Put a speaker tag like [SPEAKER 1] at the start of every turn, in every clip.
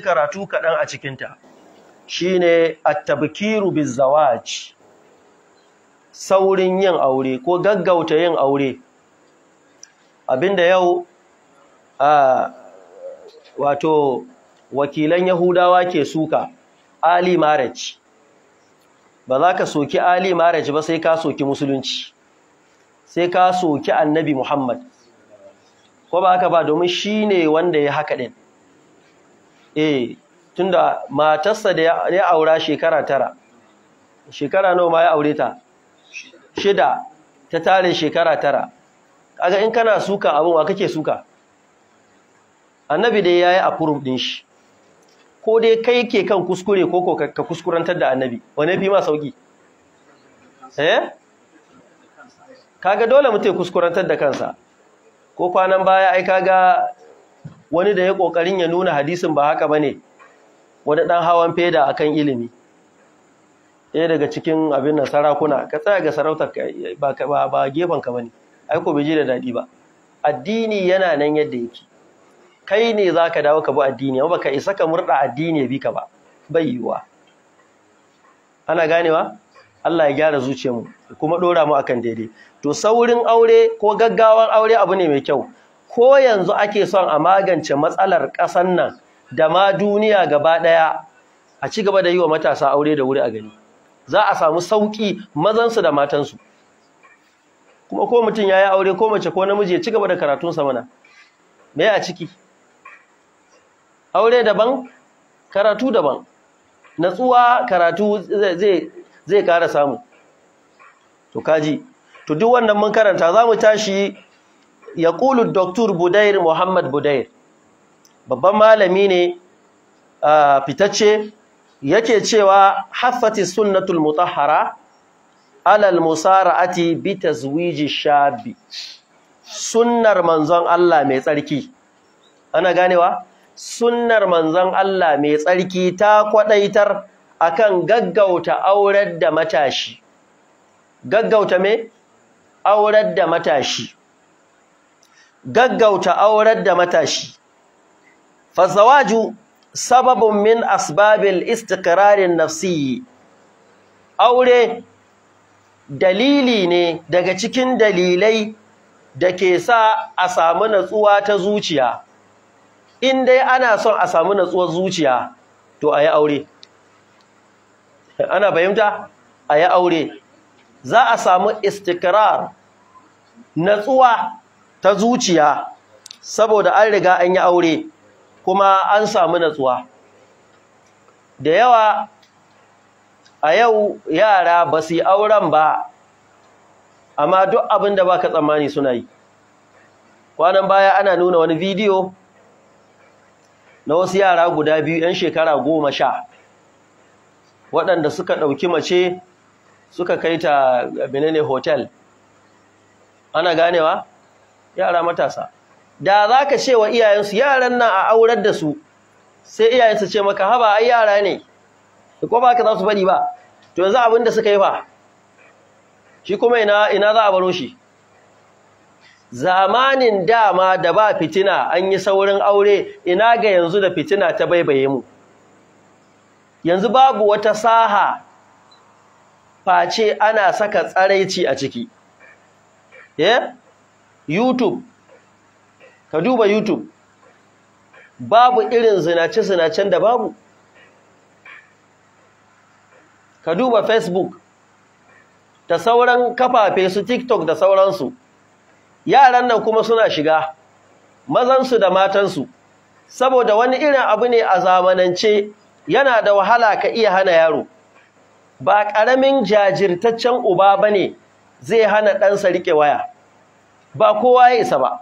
[SPEAKER 1] karatu kaɗan a cikinta shi ne attabikiru bizawaj saurin yin aure ko gaggauta yin aure abinda yau a wato wakilan yahudawa ke suka ali marriage ba za ka soki ali marriage ba sai ka soki musulunci sai ka soki annabi muhammad ko ba haka ba domin shi ne wanda ya haka ɗin eh tunda matarsa da ya aura shekara tara shekara nawa ma ya aure ta shida ta tare shekara tara kaga in kana suka abin wa kake suka annabi dai yayi approve din shi ko dai kai ke kan kuskure ko ko ka kuskurantar da annabi wane bi ma sauki eh kaga dole mutai kuskurantar da kansa ko kwanan baya ai kaga wani da ya ƙoƙarin ya nuna hadisin ba haka ba ne wani ɗan hawan feda akan ilimi ɗaya daga cikin abin nan sarakuna ka tsaya ga sarautar ba ba gefen ka bane ne. Aiko bai ji da daɗi ba addini yana nan yadda yake kai ne za ka dawo ka bi addini amma ka isa ka murɗa addini ya bi ka ba bai yiwuwa. ana ganewa Allah ya gyara zuciyarmu kuma ɗora mu akan daidai to saurin aure ko gaggawar aure abu ne mai kyau ko yanzu ake son a magance matsalar ƙasar nan da ma duniya gaba ɗaya a ci gaba da yi wa matasa aure da wuri a gani za a samu sauƙi mazansu da matansu kuma ko mutum ya yi aure ko mace ko namiji ya ci gaba da karatunsa mana me a ciki aure daban karatu daban natsuwa karatu zai zai samu to kaji to duk wannan mun karanta za mu tashi ya ƙulu Dr. Budair Muhammad Budair, babban malami ne fitacce yake cewa haffati sunnatul mutahara alal musara'ati bi zuwiji shabi sunnar manzon Allah mai tsarki ana ganewa sunnar manzon Allah mai tsarki ta kwadaitar kan gaggauta aurar da matashi gaggauta me aurar da matashi gaggauta aurar da matashi fazawaju sababun min asbabil istikrarin nafsi aure dalili ne daga cikin dalilai da ke sa a samu natsuwa ta zuciya in dai ana son a samu natsuwar zuciya to a yi aure ana fahimta a yi aure za a samu istikrar natsuwa ta zuciya saboda an riga an yi aure kuma an samu natsuwa da yawa a yau yara ba su yi auren ba amma duk abin da baka tsammani suna yi kwanan baya ana nuna wani bidiyo na wasu yara guda biyu 'yan shekara goma sha waɗanda suka ɗauki mace suka kai ta menene hotel ana ganewa yara matasa da za ka ce wa iyayensu yaran nan a aurar da su sai iyayensu ce maka haba ai yara ne ko ba ka za su bari ba to yanzu abin da suka yi ba shi kuma ina ina za a baro shi zamanin dama da ba fitina an yi saurin aure ina ga yanzu da fitina ta baibaye mu yanzu babu wata saha face ana saka tsaraici a ciki eh youtube ka duba youtube babu irin zinace-zinacen da babu ka duba facebook da sauran kafafe su tiktok da sauransu yaran nan kuma suna shiga mazansu da matansu saboda wani irin abu ne a zamanance yana da wahala ka iya hana yaro ba ƙaramin jajirtaccen uba ba ne zai hana ɗansa riƙe waya ba kowa ya isa ba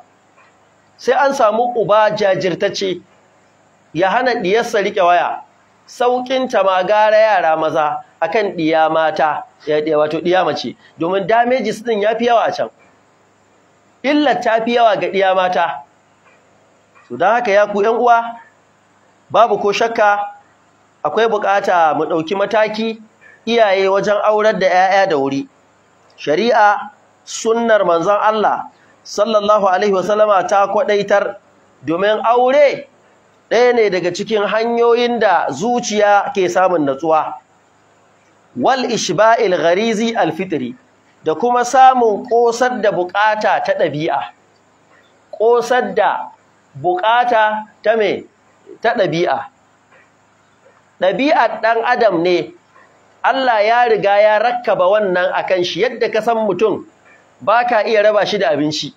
[SPEAKER 1] sai an samu uba jajirtacce ya hana diyarsa rike waya saukin ta ma gara yara maza akan diya mata ya wato diya mace domin damages din yafi yawa a can illar fi yawa ga diya mata to dan haka ya ku ƴan uwa babu ko shakka akwai bukata mu ɗauki mataki iyaye wajen aurar da 'ya'ya da wuri shari'a sunnar manzon Allah sallallahu alaihi wasallama ta kwadaitar domin aure ɗaya ne daga cikin hanyoyin da zuciya ke samun natsuwa wal ishba'il gharizi al fitri da kuma samun kosar da bukata ta ɗabi'a kosar da buƙata ta me ta ɗabi'a ɗabi'ar ɗan adam ne Allah ya riga ya rakkaba wannan akan shi yadda ka san mutum ba ka iya raba shi da abinci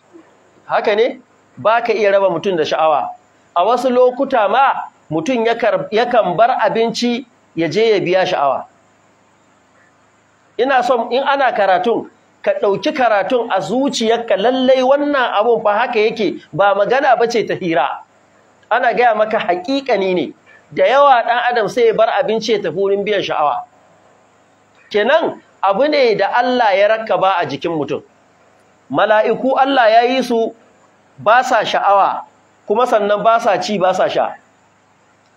[SPEAKER 1] haka ne ba ka iya raba mutum da sha'awa a wasu lokuta ma mutum yakan bar abinci ya je ya biya sha'awa ina son in ana karatun ka ɗauki karatun a zuciyarka lallai wannan abun fa haka yake ba magana ba ce ta hira ana gaya maka haƙiƙani ne da yawa ɗan adam sai ya bar abinci ya tafi wurin biyan sha'awa kenan abu ne da Allah ya rakka ba a jikin mutum mala'iku Allah ya yi su ba sa sha'awa kuma sannan ba sa ci ba sa sha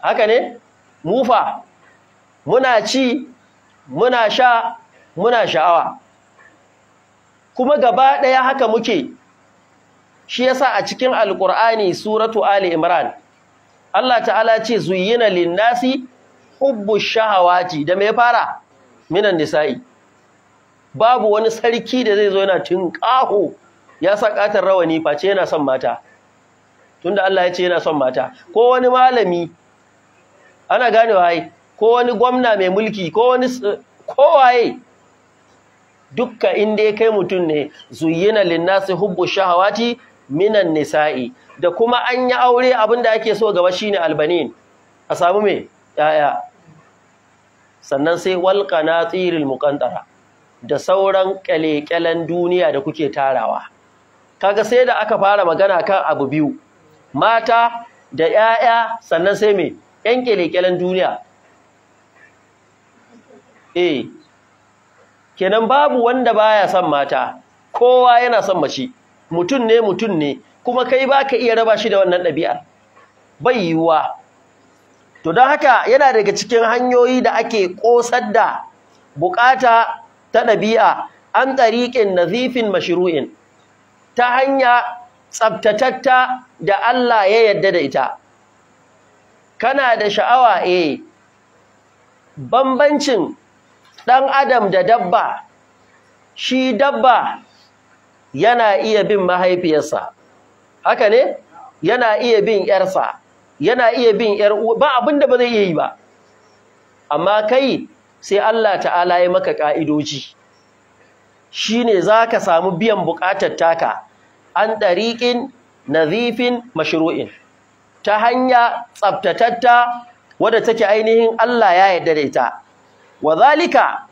[SPEAKER 1] haka ne mufa muna ci muna sha muna sha'awa kuma gaba ɗaya haka muke shi yasa a cikin alkur'ani suratu ali imran Allah ta'ala ce zuyina lin-nasi hubbu shahawaci da me fara minan nisa'i babu wani sarki da zai zo yana tinƙaho ya sa katar rawani face yana son mata tunda Allah ya ce yana son mata ko wani malami ana gane waye? ko wani gwamna mai mulki ko wani kowaye dukka inda ya kai mutum ne zuyyina linnasi hubbu shahawati minan nisa'i da kuma an yi aure abinda ake so gaba shine albanin a samu me yaya sannan sai wal qanatiril muqantara da sauran kyalekyalen duniya da kuke tarawa kaga sai da aka fara magana kan abu biyu mata da 'ya'ya sannan sai me yan kyalekyalen duniya eh kenan babu wanda baya son mata kowa yana son mace mutum ne mutum ne kuma kai baka iya raba shi da wannan ɗabi'ar bai yiwuwa to don haka yana daga cikin hanyoyi da ake ƙosar da buƙata. ta ɗabi'a an ɗariƙin nazifin mashiru’in ta hanya tsabtatatta da Allah ya yadda da ita kana da sha'awa eh bambancin ɗan adam da dabba shi dabba yana iya bin mahaifiyarsa haka ne yana iya bin ƴarsa yana iya bin ƴar ba abinda ba zai iya yi ba amma kai sai Allah ta'ala ya maka ƙa'idoji shi ne za ka samu biyan buƙatar taka an ɗariƙin nazifin mashiru'in ta hanya tsabtatatta wadda take ainihin Allah ya yarda da ita wa zalika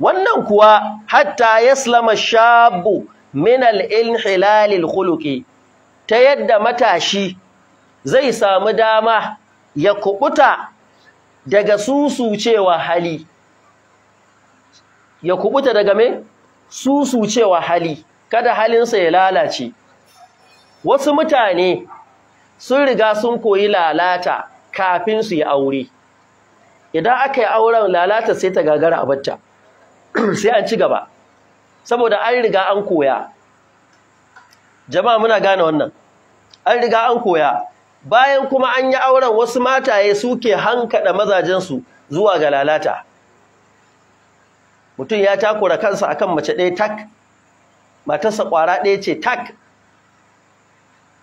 [SPEAKER 1] wannan kuwa hatta ya yaslama shabu minal al hilalil huluki ta yadda matashi zai samu dama ya kubuta daga susu cewa hali ya kubuta daga me susu cewa hali kada halinsa ya lalace wasu mutane sun riga sun koyi lalata kafin su yi aure idan aka yi auren lalata sai ta gagara a sai an ci gaba saboda an riga an koya jama'a muna gane wannan an riga an koya bayan kuma an yi auren wasu mataye suke hankada su zuwa ga lalata mutum ya takura kansa akan mace ɗaya tak matarsa ƙwara ɗaya ce tak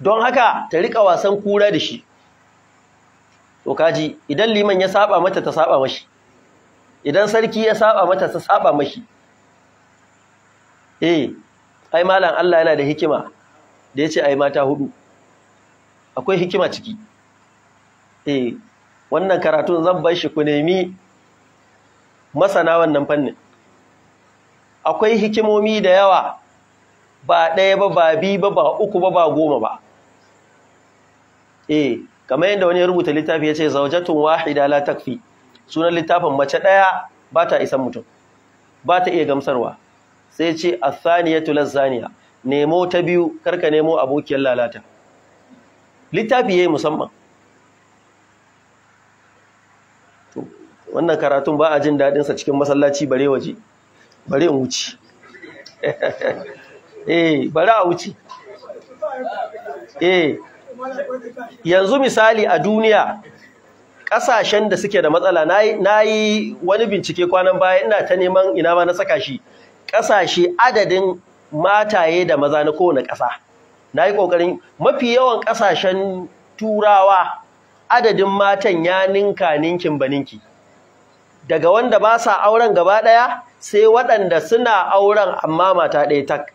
[SPEAKER 1] don haka ta riƙa wasan kura da shi to kaji idan liman ya saba mata ta saba mashi idan sarki ya saba mata ta saba mashi eh ai malam Allah yana da hikima da ya ce ai mata hudu akwai hikima ciki eh wannan karatun zan bar shi ku nemi masana wannan fannin akwai hikimomi da yawa ba ɗaya ba ba bi ba ba uku ba ba goma ba eh kamar yadda wani rubuta littafi ya ce zaujatun wahida la takfi sunan littafin mace ɗaya ba ta isan mutum ba ta iya gamsarwa sai ce athaniyatu lazaniya nemo ta biyu karka nemo abokiyar lalata littafi ya yi musamman wannan karatun ba a jin daɗinsa cikin masallaci bare waje bari in wuce eh bari a wuce eh yanzu misali a duniya ƙasashen da suke da matsala na yi wani bincike kwanan baya ina ta neman ina ma na saka shi ƙasashe adadin mataye da maza na kowane ƙasa na yi ƙoƙarin mafi yawan ƙasashen turawa adadin matan ya ninka ninkin baninki daga wanda ba sa auren gaba ɗaya sai waɗanda suna auren amma mata ɗaya tak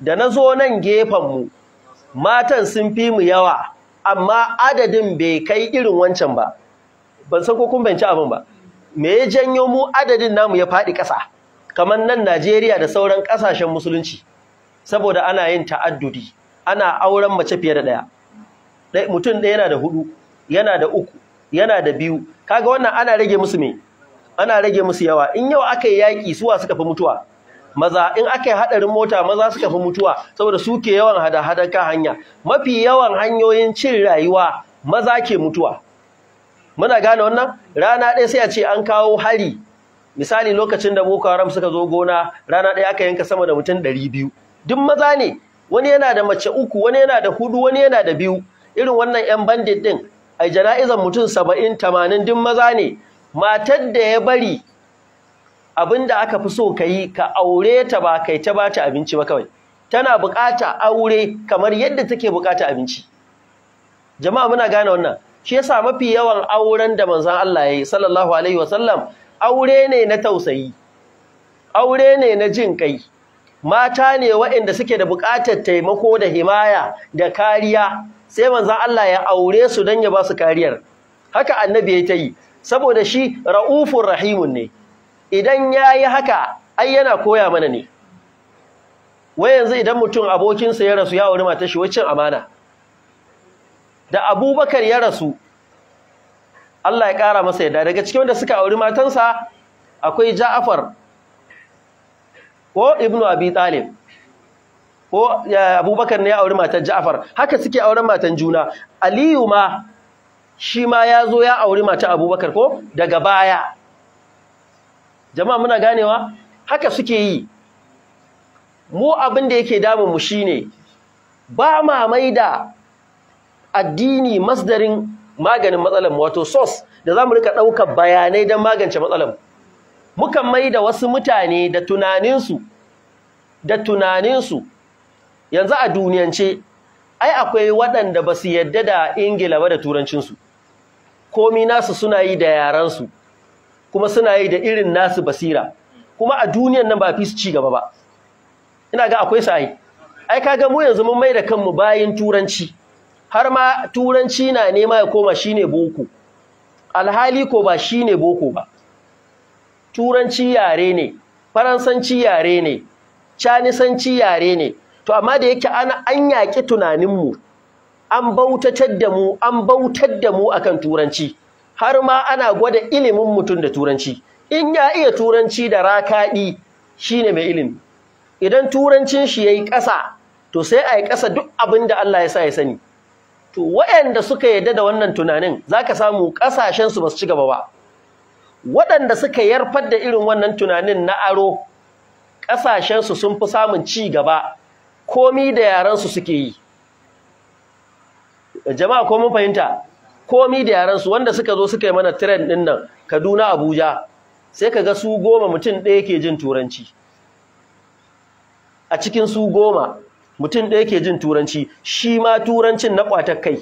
[SPEAKER 1] da na zo nan gefenmu matan sun fi mu yawa amma adadin bai kai irin wancan ba ban san ko kun banci abin ba me ya janyo mu adadin namu ya faɗi ƙasa kamar nan Najeriya da sauran ƙasashen musulunci saboda ana yin ta'addudi ana auren mace fiye da ɗaya mutum ɗaya yana da hudu yana da uku yana da biyu kaga wannan ana rage musu me ana rage musu yawa in yau aka yi yaƙi suwa suka fi mutuwa maza in aka yi haɗarin mota maza suka fi mutuwa saboda su ke yawan hada-hadar ka hanya mafi yawan hanyoyin cin rayuwa maza ke mutuwa muna gane wannan rana ɗaya sai a ce an kawo hari misali lokacin da boko haram suka zo gona rana ɗaya aka yanka sama da mutum ɗari biyu duk maza ne wani yana da mace uku wani yana da hudu wani yana da biyu irin wannan 'yan bandit ɗin a jana'izan mutum saba'in tamanin duk maza ne matar da ya bari abin da aka fi so ka yi ka aure ta ba kai ta bata abinci ba kawai tana bukata aure kamar yadda take bukata abinci jama'a muna gane wannan shi yasa mafi yawan auren da manzon Allah ya yi sallallahu alaihi wasallam aure ne na tausayi aure ne na jin kai mata ne waɗanda suke da buƙatar taimako da himaya da kariya sai manzon Allah ya aure su dan ya ba su kariyar haka annabi ya yi saboda shi ra'ufun rahimun ne idan ya yi haka ai yana koya mana ne wai yanzu idan mutum abokinsa ya rasu ya wuri mata shi wacin amana da abubakar ya rasu Allah ya ƙara masa yadda daga cikin wanda suka auri matansa akwai ja'afar ko ibnu abi talib ko abubakar ne ya auri matan ja'afar haka suke auren matan juna aliyu ma shi ma ya zo ya auri mata abubakar ko daga baya jama'a muna ganewa haka suke yi mu abinda da yake damun mu shine, ba ma mai da addini masdarin maganin mu wato sos da zamu rika ɗaukar bayanai dan magance matsalar mukan mai da wasu mutane da tunaninsu da tunaninsu yanzu a duniyance ai akwai waɗanda ba su yadda da ingila ba da turancinsu komi nasu suna yi da yaransu kuma suna yi da irin nasu basira kuma a duniyan nan ba fi su ci gaba ba ina ga akwai yi. ai ga mu yanzu mun mai da kanmu bayin turanci har ma turanci na nema ya koma shine boko alhali ko ba shine boko ba turanci yare ne faransanci yare ne canisanci yare ne to amma da yake ana an tunanin mu an bautatar da mu an bautar da mu akan turanci har ma ana gwada ilimin mutum da turanci in ya iya turanci da rakaɗi shine mai ilimi idan turancin shi yayi ƙasa to sai a ƙasa duk abin da Allah ya sa ya sani to waɗanda suka yarda da wannan tunanin zaka samu ƙasashen su basu ci gaba ba waɗanda suka yarfar da irin wannan tunanin na aro ƙasashen su sun fi samun ci gaba komi da yaran su suke yi jama'a ko mun fahimta komi da yaran su wanda suka zo suka yi mana trend din nan Kaduna Abuja sai kaga su goma mutum ɗaya ke jin turanci a cikin su goma mutum ɗaya ke jin turanci shi ma turancin na kwatar kai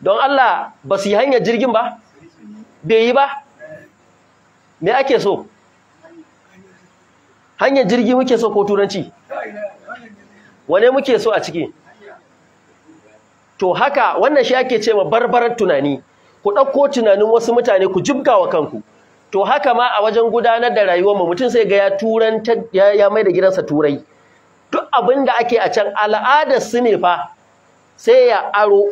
[SPEAKER 1] don Allah ba su yi hanyar jirgin ba bai yi ba me ake so hanyar jirgi muke so ko turanci wane muke so a ciki to haka wannan shi ake cewa barbarar tunani ku ɗauko tunanin wasu mutane ku jibga wa kanku to haka ma a wajen gudanar da rayuwar mu, mutum sai ga ya turan ya mai da gidansa turai duk abin da ake a can al'adar su ne fa sai ya aro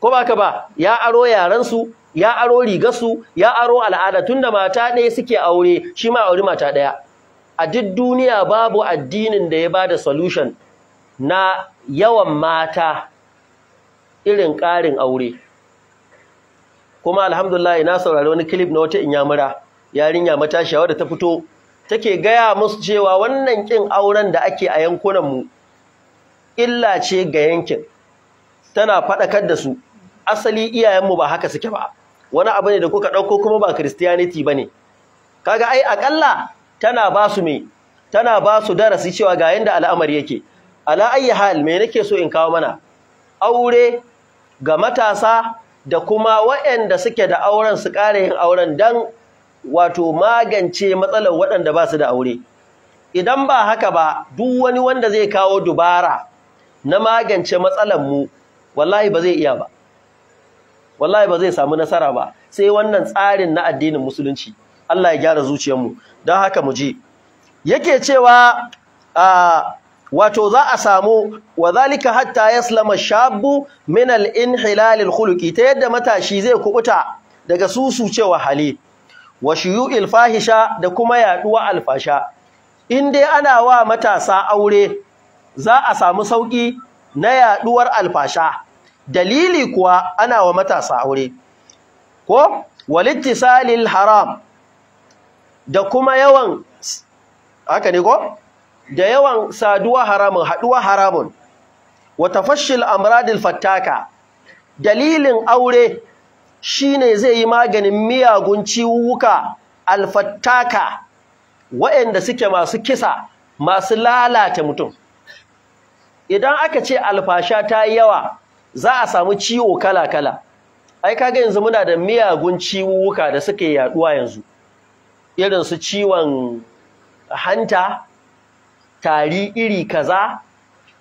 [SPEAKER 1] ko ba ka ba ya aro yaransu ya aro rigarsu ya aro al'ada tunda mata ɗaya suke aure shi ma aure mata ɗaya a duk duniya babu addinin da ya bada solution na yawan mata irin ƙarin aure kuma alhamdulillah na saurari wani clip na wata inyamura yarinya matashiya da ta fito take gaya musu cewa wannan kin auren da ake a yankunan mu illa ce ga yankin tana faɗakar da su asali iyayenmu ba haka suke ba wani abu ne da kuka ɗauko kuma ba christianity ba ne kaga ai akalla tana ba su me tana ba su darasi cewa ga yanda al'amari yake ala ayyi hal me nake so in kawo mana aure ga matasa da kuma waɗanda suke da auren su ƙara yin auren don wato magance matsalar waɗanda ba su da aure idan ba haka ba duk wani wanda zai kawo dubara na magance matsalar mu wallahi ba zai iya ba wallahi ba zai samu nasara ba sai wannan tsarin na addinin musulunci Allah ya gyara zuciyarmu don haka mu je yake cewa a ah, wato za a samu wa zalika hatta yaslama shabu min al-inhilal al-khuluqi ta yadda matashi zai kubuta daga susucewa hali wa shuyu'il fahisha da kuma yaduwa alfasha in dai ana wa matasa aure za a samu sauki na yaduwar alfasha dalili kuwa ana wa matasa aure ko walittisalil haram da kuma yawan haka ne ko da yawan saduwa haramun haduwa haramun wa tafashshil amradil fattaka dalilin aure shine zai yi maganin miyagun ciwuka alfattaka waɗanda suke masu kisa masu lalata mutum idan aka ce alfasha ta yi yawa za a samu ciwo kala-kala ai kaga yanzu muna da miyagun ciwuka da suke yaduwa yanzu irin su ciwon hanta tari iri kaza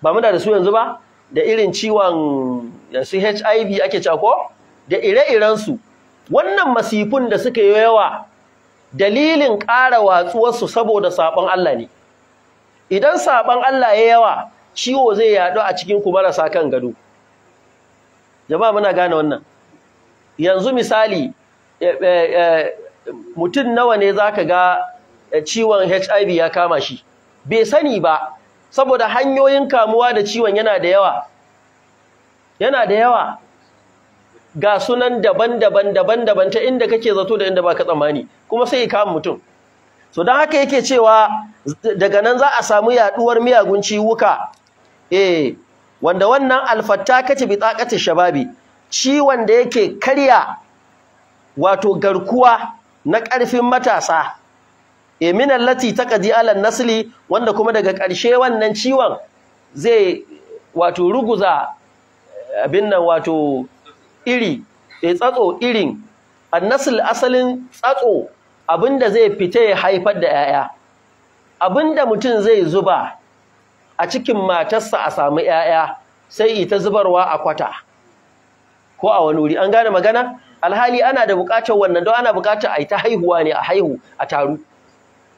[SPEAKER 1] ba muna da su yanzu ba da irin ciwon su HIV ake ko da ire iren su. wannan masifun da suka yi yawa dalilin ƙara su saboda saɓon Allah ne idan saɓon Allah ya yawa ciwo zai yaɗu a cikin ku marasa kan gado jama'a muna gane wannan yanzu misali e, e, e, mutum nawa ne zaka ga ciwon HIV ya kama shi bai sani ba saboda hanyoyin kamuwa da ciwon yana da yawa yana da yawa ga sunan daban-daban daban-daban ta inda kake zato da inda baka tsammani kuma sai ya kama mutum so don haka yake cewa daga nan za a samu yaduwar miyagun ciwuka eh wanda wannan alfatta kace bi tsakati shababi ciwon da yake karya wato garkuwa na ƙarfin matasa e eh, Lati ta taqdi Alan nasli wanda kuma daga ƙarshe wannan ciwon zai wato ruguza abin nan wato iri e tsatso irin annasl asalin tsatso abinda zai fita ya haifar da 'ya'ya abinda mutum zai zuba a cikin matarsa a samu 'ya'ya sai ita zubarwa a kwata ko a wani wuri an gane magana alhali ana da bukatar wannan don ana bukatar a yi ta haihuwa ne a haihu a taru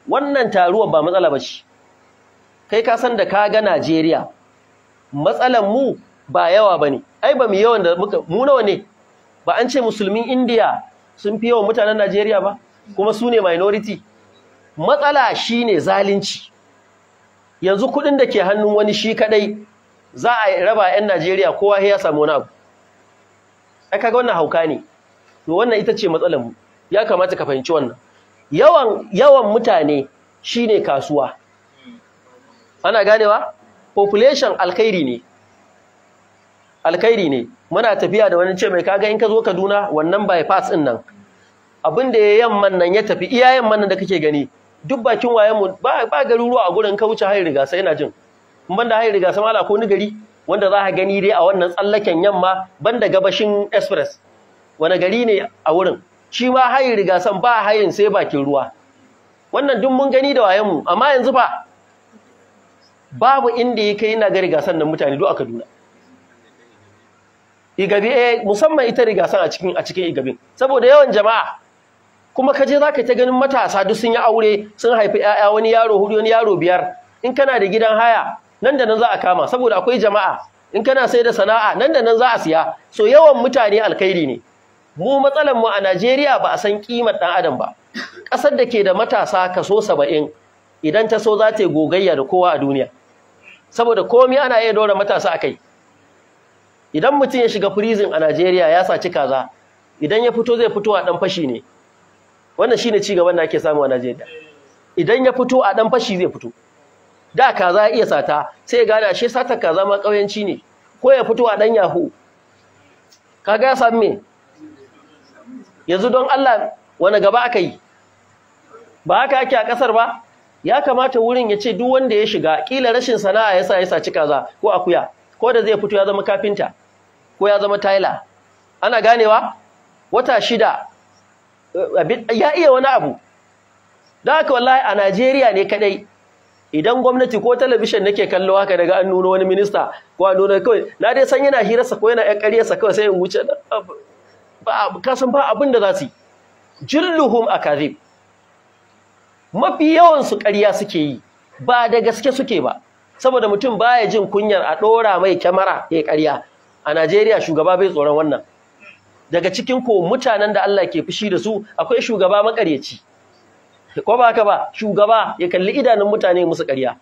[SPEAKER 1] wannan taruwar ba matsala ba ce kai ka san da ka ga Najeriya matsalan mu ba yawa ba ne ai ba mu yawan da muka mu nawa ne ba an ce musulmin Indiya sun fi yawan mutanen Najeriya ba kuma su ne minority matsala shi ne zalunci yanzu kuɗin da ke hannun wani shi kadai za a raba 'yan Najeriya kowa ya samu wani abu ai kaga wannan hauka ne to wannan ita ce matsalan mu ya kamata ka fahimci wannan yawan yawan mutane shine kasuwa ana ganewa population alkhairi ne alkhairi ne muna tafiya da wani ce mai kaga in ka zo Kaduna wannan bypass din nan abin da yamman nan ya tafi iya yamman nan da kake gani duk bakin wayen ba ba garuruwa a gurin wuce hayi riga sai ina jin mun banda hayi riga sama ko ni gari wanda za ka gani dai a wannan tsallaken yamma banda gabashin express wani gari ne a wurin shi ma hayin rigasan ba hayin sai bakin ruwa wannan duk mun gani da wayenmu amma yanzu ba, babu inda ya kai yana ga rigasan nan mutane duk a Kaduna igabi eh musamman ita rigasan a cikin a cikin igabin saboda yawan jama'a kuma kaje zaka ta ganin matasa duk sun yi aure sun haifi ƴaƴa wani yaro hudu wani yaro biyar in kana da gidan haya nan da nan za a kama saboda akwai jama'a in kana sai da sana'a nan da nan za a siya so yawan mutane alkhairi ne mu matsalar mu a Najeriya ba a san kimar dan adam ba Kasar da ke da matasa kaso 70 idan ta so za ta gogayya da kowa a duniya saboda komai ana iya dora matasa akai idan mutum ya shiga prison a Najeriya ya saci kaza idan ya fito zai fito a dan fashi ne wannan shine ci gaban da ake samu a Najeriya idan ya fito a dan fashi zai fito da kaza ya iya sata sai ya gane ashe satar kaza ma kauyanci ne ko ya fito a dan yahu kaga ya samu me yanzu don Allah wani gaba aka yi ba haka ake a ƙasar ba ya kamata wurin ya ce duk wanda ya shiga ƙila rashin sana'a ya sa ya saci kaza ko akuya ko da zai fito ya zama kafinta ko ya zama taila ana ganewa wata shida eh, ya iya wani abu da haka wallahi a Najeriya ne kadai idan gwamnati ko talabishin nake kallo haka daga an nuna wani minista ko an nuna kawai na dai san yana hirarsa ko yana ƴan ƙaryarsa kawai sai in wuce ka san ba abin da za su yi jilluhum akazib mafi yawan su ƙarya suke yi ba da gaske suke ba saboda mutum baya jin kunyar a ɗora mai kyamara ya ƙarya a Najeriya shugaba bai tsoron wannan daga cikin ko mutanen da Allah ke fushi da su akwai shugaba makaryaci ko ba haka ba shugaba ya kalli idanun mutane musu ƙarya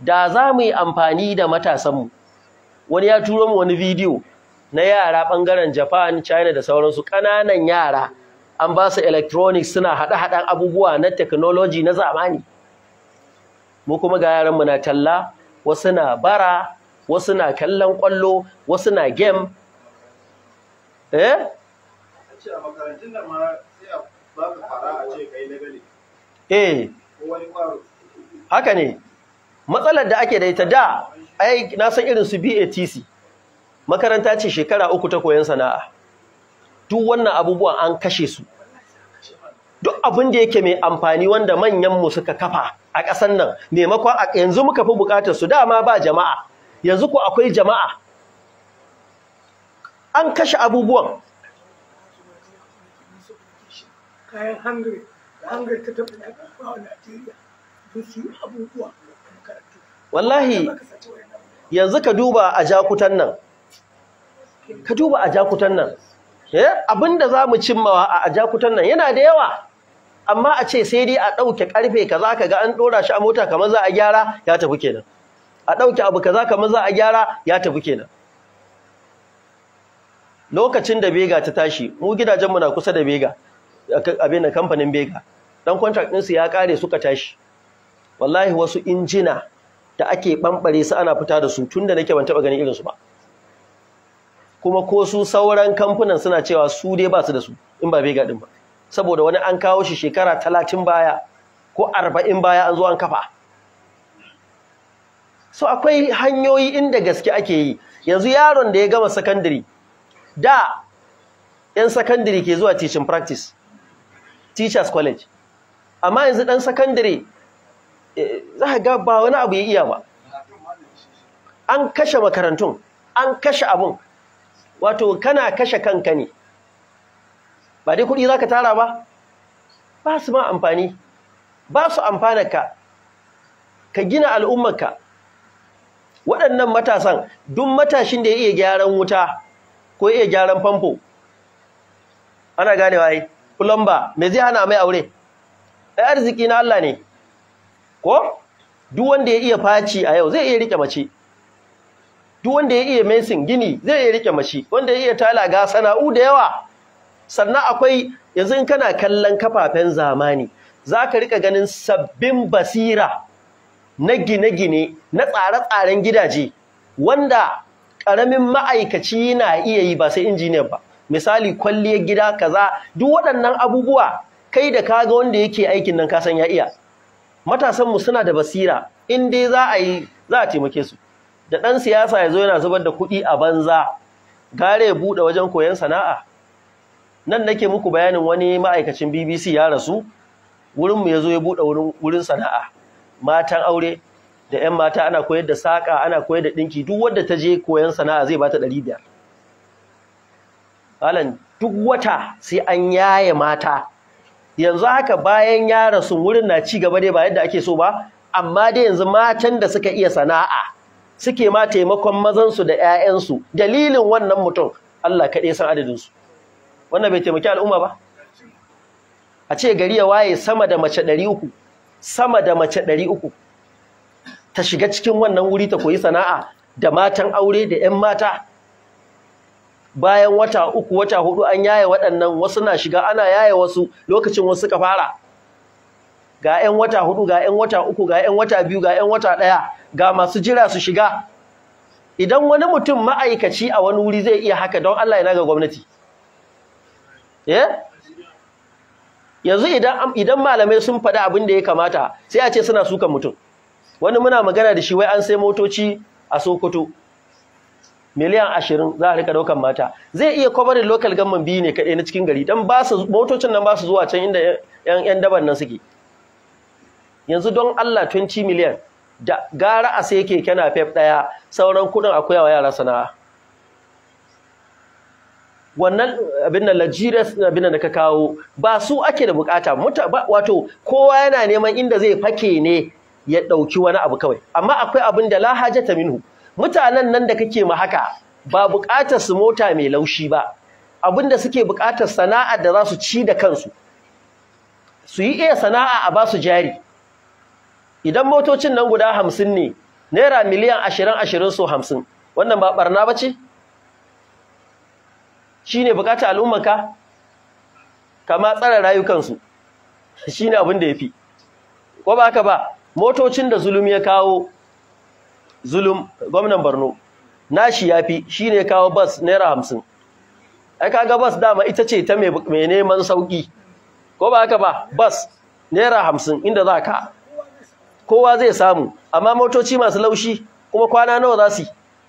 [SPEAKER 1] da za mu yi amfani da matasanmu wani ya turo mu wani bidiyo na yara ɓangaren Japan, China da sauransu ƙananan yara an ba su electronics suna haɗa-haɗan abubuwa na technology na zamani. Mu kuma ga yaranmu na talla, wasu na bara, wasu na kallon ƙwallo, wasu na game. Eh? Eh. Haka ne. Matsalar da ake da ita da, ai na san irin su BATC. makaranta ce shekara uku ta koyon sana'a duk wannan abubuwan an kashe su duk abin da yake mai amfani wanda mu suka kafa a ƙasar nan maimakon yanzu muka fi buƙatar su dama ba jama'a yanzu ko akwai jama'a an kashe abubuwan wallahi yanzu ka duba a jakutan nan ka duba a jakutan nan eh, abinda za mu cimmawa a jakutan nan yana da yawa amma a ce sai dai a ɗauke ƙarfe kaza ka ga an ɗora shi a mota kamar za a gyara ya tafi kenan a ɗauke abu kaza kamar za a gyara ya tafi kenan lokacin da bega ta tashi mu gidajenmu na kusa da bega abin da kamfanin bega Ɗan kwantar ɗinsu ya ƙare suka tashi wallahi wasu injina da ake ɓamɓare su ana fita da su tun da nake ban taɓa ganin irinsu ba kuma ko su sauran kamfunan suna cewa su dai ba su da su in ba vega din ba saboda wani an kawo shi shekara talatin baya ko arba'in baya an zo an kafa so akwai hanyoyi inda gaske ake yi yanzu yaron da ya gama sakandare da 'yan sakandare ke zuwa teaching practice teachers college amma yanzu dan sakandare eh, za a ga ba wani abu ya iya ba an kashe makarantun an kashe abun wato kana kashe kanka ne ba dai kuɗi za ka tara ba ba su ma amfani ba su amfanarka ka gina al'ummarka waɗannan matasan duk matashin da ya iya gyaran wuta ko iya gyaran famfo ana ganewa yi plumber me zai hana mai aure ai arziki na Allah ne ko duk wanda ya iya faci a yau zai iya riƙe mace duk wanda ya iya mesin gini zai iya rike mashi wanda ya iya tala ga sana'u da yawa sannan akwai yanzu kana kallon kafafen zamani za ka rika ganin sabbin basira na gine-gine na tsare-tsaren gidaje wanda ƙaramin ma'aikaci na iya yi ba sai injiniyan ba misali kwalliyar gida kaza duk waɗannan abubuwa kai da ka ga wanda yake aikin nan kasan ya iya matasanmu suna da basira in dai za a yi za a taimake su da ɗan siyasa ya zo yana zubar da kuɗi a banza gare ya buɗe wajen koyon sana'a nan nake muku bayanin wani ma'aikacin bbc ya rasu wurinmu ya zo ya buɗe wurin sana'a matan aure da 'yan mata ana koyar da saƙa ana koyar da ɗinki duk wadda ta je koyon sana'a zai ba ta ɗari biyar Alan duk wata sai an yaye mata yanzu haka bayan ya rasu wurin na ci gaba dai ba yadda ake so ba amma dai yanzu matan da suka iya sana'a suke ma taimakon mazansu da 'ya'yansu dalilin wannan mutum Allah kaɗai san su. wannan bai taimaki al'umma ba a ce gari ya waye sama da mace ɗari uku sama da mace ɗari uku ta shiga cikin wannan wuri ta koyi sana'a da matan aure da 'yan mata bayan wata uku wata hudu an yaye waɗannan wasu na shiga ana yaye wasu lokacin wasu ka fara ga 'yan wata hudu ga 'yan wata uku ga 'yan wata biyu ga 'yan wata ɗaya ga masu jira su shiga idan wani mutum ma'aikaci a wani wuri zai iya haka don Allah ya ga gwamnati eh? yanzu idan malamai sun faɗi abin da ya kamata sai a ce suna sukan mutum wani muna magana da shi wai an sai motoci a Sokoto miliyan ashirin za a rika daukan mata zai iya kwabar local government biyu ne kaɗai na cikin gari don motocin nan ba su zuwa can inda 'yan daban nan suke yanzu don Allah 20 miliyan da gara a sai keke na fef ɗaya sauran kuɗin akwai wa yara sana'a wannan abin nan lajiras abin da ka kawo ba su ake da bukata wato kowa yana neman inda zai fake ne ya ɗauki wani abu kawai amma akwai abin da la hajata minhu mutanen nan da kake ma haka ba bukatar su mota mai laushi ba abin da suke bukatar sana'a da za su ci da kansu su yi iya sana'a a ba su jari idan motocin nan guda hamsin ne naira miliyan ashirin ashirin so hamsin wannan ba barna ba ce shi ne bukata al'ummaka? kama tsara rayukansu shi ne abin da ya fi ko ba haka ba motocin da zulum ya kawo zulum gwamnan borno nashi ya fi shi ne kawo bas naira hamsin ai ga bas dama ita ce ta mai neman sauki ko ba haka ba bas naira hamsin inda za ka kowa zai samu amma motoci masu laushi kuma kwana nawa za su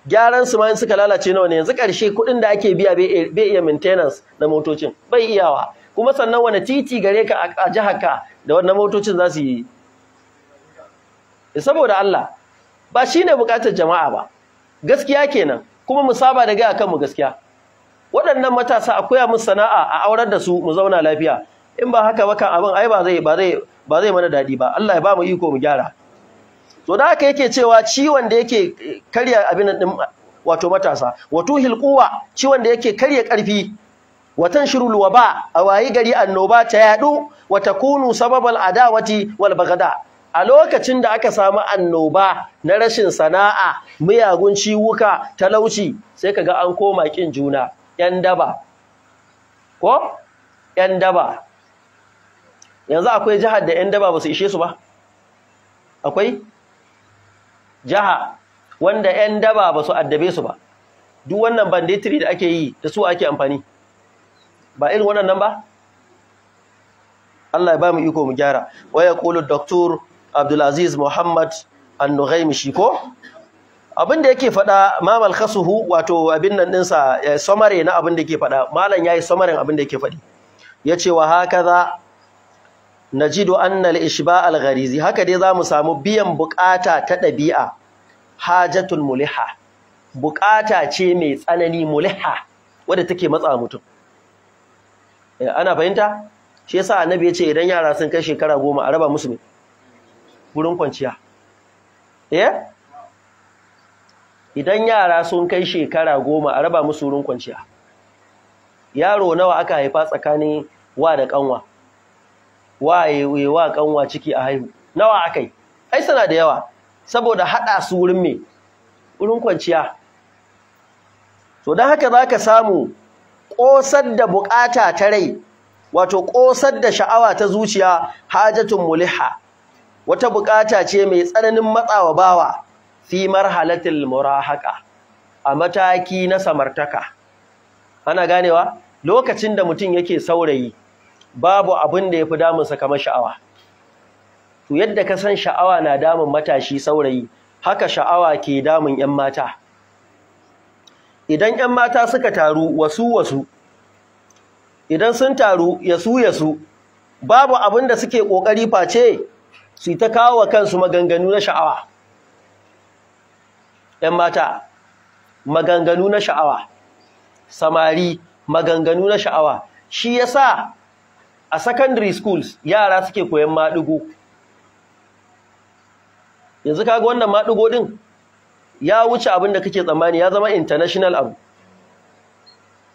[SPEAKER 1] gyaran su ma suka lalace nawa ne yanzu ƙarshe kuɗin da ake biya bai iya maintenance na motocin bai iyawa kuma sannan wani titi gare ka a jihar ka da wannan motocin za su yi saboda Allah ba shine bukatar jama'a ba gaskiya kenan kuma mu saba da gaya kanmu gaskiya waɗannan matasa a koya musu sana'a a aurar da su mu zauna lafiya in ba haka ba kan abin ai ba zai ba zai ba zai mana daɗi ba Allah ya ba mu iko mu gyara to da haka yake cewa ciwon da yake karya abin din wato matasa wato hilquwa ciwon da yake karya karfi watan shirul waba a wayi gari annoba ta yadu wata kunu sababal adawati wal bagada a lokacin da aka samu annoba na rashin sana'a miyagun ciwuka talauci sai kaga an koma kin juna yan daba ko yan daba yanzu akwai jihar da 'yan daba ba su ishe su ba akwai jiha wanda 'yan daba ba su addabe su ba duk wannan banditiri da ake yi da su ake amfani ba irin wannan ba Allah ya ba mu iko mu gyara waya kulu doktor abdulaziz muhammad annuhaimi shi ko abin da yake faɗa mamal khasuhu wato abin nan ɗinsa eh, samare na abin da yake faɗa malam ya yi samarin abin da yake faɗi ya ce wa haka za najidu annal Ishba'al al-gharizi haka dai zamu samu biyan bukata ta dabi'a hajatul muliha bukata ce mai tsanani muliha wadda take matsa mutum eh, ana fahimta shi yasa annabi ya ce idan yara sun kai shekara goma a raba musu ne wurin kwanciya eh idan yara sun kai shekara goma a raba musu wurin kwanciya yaro nawa aka haifa tsakanin wa da kanwa waye wa kanwa ciki a haihu nawa akai ai suna da yawa saboda hada su wurin me wurin kwanciya so dan haka zaka samu kosar da bukata ta rai wato kosar da sha'awa ta zuciya hajatun muliha wata bukata ce mai tsananin matsawa bawa fi marhalatil murahaka a mataki na samartaka ana ganewa lokacin da mutum yake saurayi babu abin da ya fi damunsa kamar sha'awa to yadda ka san sha'awa na damun matashi saurayi haka sha'awa ke damun 'yan mata idan 'yan mata suka taru wasu wasu idan sun taru yasu yasu babu abin da suke ƙoƙari face su ta kawo wa kansu maganganu na sha'awa 'yan mata maganganu na sha'awa samari maganganu na sha'awa shi yasa a secondary schools yara suke koyan maɗigo yanzu kaga wannan maɗigo ɗin ya wuce abin da kake tsammani ya zama international abu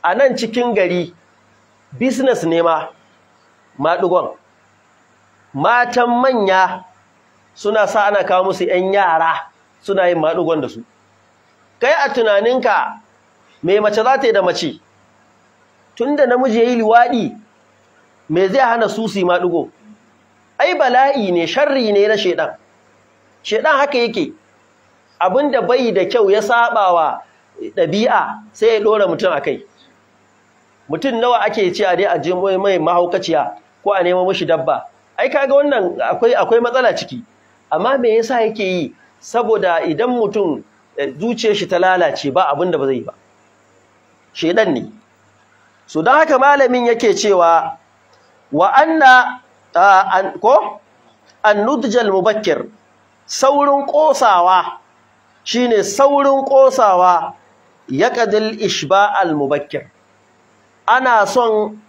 [SPEAKER 1] a nan cikin gari business ne ma maɗigon matan manya suna sa ana kawo musu 'yan yara suna yin maɗigon da su kai a tunaninka mai mace za ta yi da mace Tunda namiji ya yi liwaɗi me zai hana susi ma ɗigo ai bala'i ne sharri ne na shaidan shaidan haka yake abinda bai da kyau ya saba wa ɗabi'a sai ya ɗora mutum a kai mutum nawa ake cewa a dai a je mai mahaukaciya ko a nemo mashi dabba ai kaga wannan akwai akwai matsala ciki amma me yasa yake yi saboda idan mutum eh, zuciyar shi ta lalace ba abin da ba zai yi ba shedan ne so don haka malamin yake cewa wa anna an ko annudjal mubakkir saurin kosawa shine saurin kosawa ishba al mubakkir ana son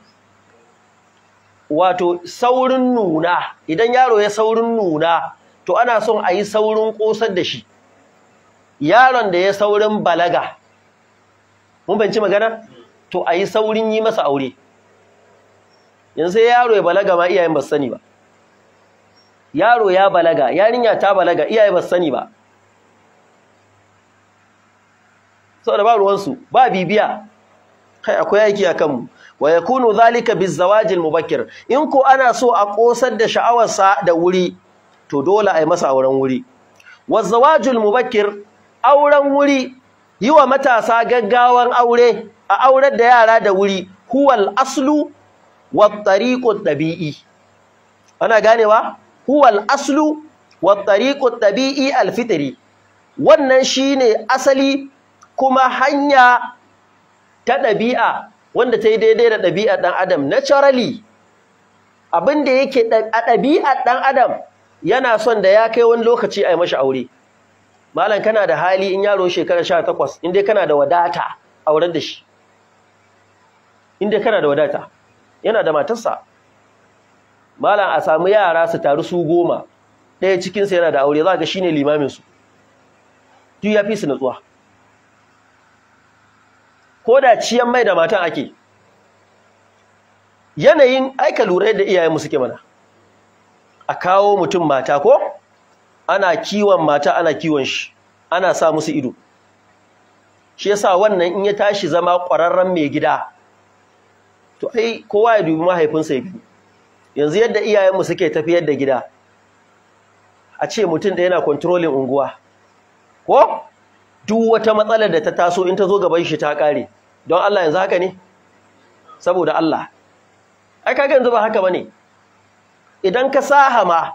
[SPEAKER 1] wato saurin nuna idan yaro ya saurin nuna to ana son a yi saurin kosar da shi yaron da ya saurin balaga mun banci magana to a yi saurin yi masa aure yanzu sai yaro ya balaga ma iyayen ba sani ba yaro ya balaga yarinya ta balaga iyaye ba sani ba saboda ba ruwansu ba bibiya kai akwai aiki a kanmu wa yakunu zalika bizawajil mubakkir in ko ana so a kosar da sha'awarsa da wuri to dole a yi masa auren wuri Wa wazawajul mubakkir auren wuri yi wa matasa gaggawan aure a aurar da yara da wuri huwal aslu wattariqut ɗabi'i. ana ganewa huwal aslu wattariqut tabi'i al wannan shine asali kuma hanya ta ɗabi'a wanda ta yi daidai da ɗabi'a ɗan adam naturally abin da yake a ɗabi'a ɗan adam yana son da ya kai wani lokaci a yi mashi aure malam kana da hali in yaro shekara sha takwas inda kana da wadata auren da shi inda kana da wadata yana da matarsa malam a samu yara su taru su goma ɗaya cikinsa yana da aure za ga ne limaminsu tu ya fi su natsuwa ko da ciyan mai da matan ake yanayin aika lura yadda iyayenmu suke mana a kawo mutum mata ko ana kiwon mata ana kiwon shi ana sa musu ido shi yasa wannan in ya tashi zama ƙwararren mai gida to ai kowa ya dubi mahaifinsa biyu yanzu yadda iyayenmu suke tafiyar da gida a ce mutum da yana kontrolin unguwa ko duk wata matsalar da ta taso in ta zo gaban shi ta kare don Allah yanzu haka ne saboda Allah ai kaga yanzu ba haka bane idan ka saha ma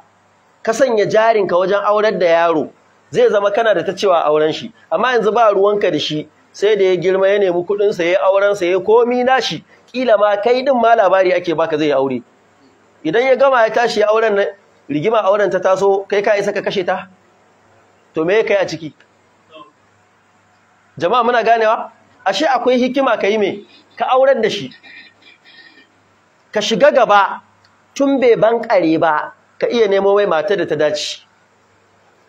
[SPEAKER 1] ka sanya jarin ka wajen aurar da yaro zai zama kana da ta cewa auren shi amma yanzu ba ruwanka da shi sai da ya girma ya nemi kudin sa yi auren sa ya komi nashi kila ma kai din ma labari ake baka zai aure idan ya gama ya tashi auren nan rigima auren ta taso kai ka isa ka kashe ta to me kai a ciki jama'a muna ganewa ashe akwai hikima kai me ka auren da shi ka shiga gaba tun bai ban kare ba ka iya nemo mai mata da ta dace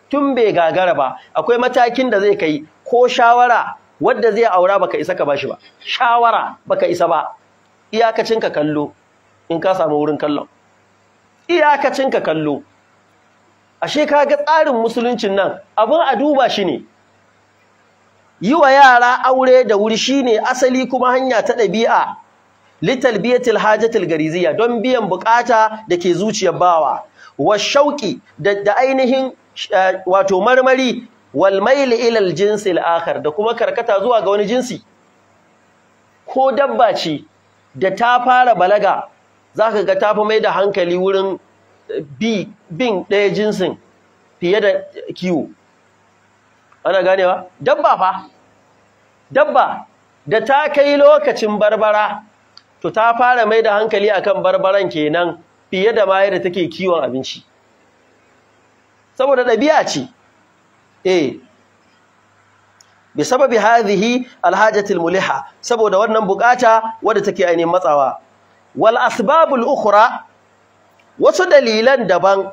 [SPEAKER 1] tun bai gagara ba akwai matakin da zai kai ko shawara wadda zai aura baka isa ka bashi ba shawara baka isa ba iyakacin ka kallo in ka samu wurin kallon iyakacin kallo ashe ka ga tsarin musuluncin nan abin a duba shi ne yi wa yara aure da wuri shine asali kuma hanya ta ɗabi'a litalbiyatil hajatul gariziya don biyan bukata da ke zuciyar bawa wa shauƙi da ainihin eh, wato marmari wal maili ila jinsi al da kuma karkata zuwa ga wani jinsi ko dabba ce da ta fara balaga za ka ga tafi mai da hankali wurin eh, bin ɗaya jinsin fiye da kiwo ana ganewa dabba fa dabba da ta kai lokacin barbara to ta fara mai da hankali akan barbaran kenan fiye da mayar da take kiwon abinci saboda ɗabi'a ce eh bi sababi hadhihi alhajati muliha saboda wannan bukata wanda take ainihin matsawa wal asbabul ukhra wasu dalilan daban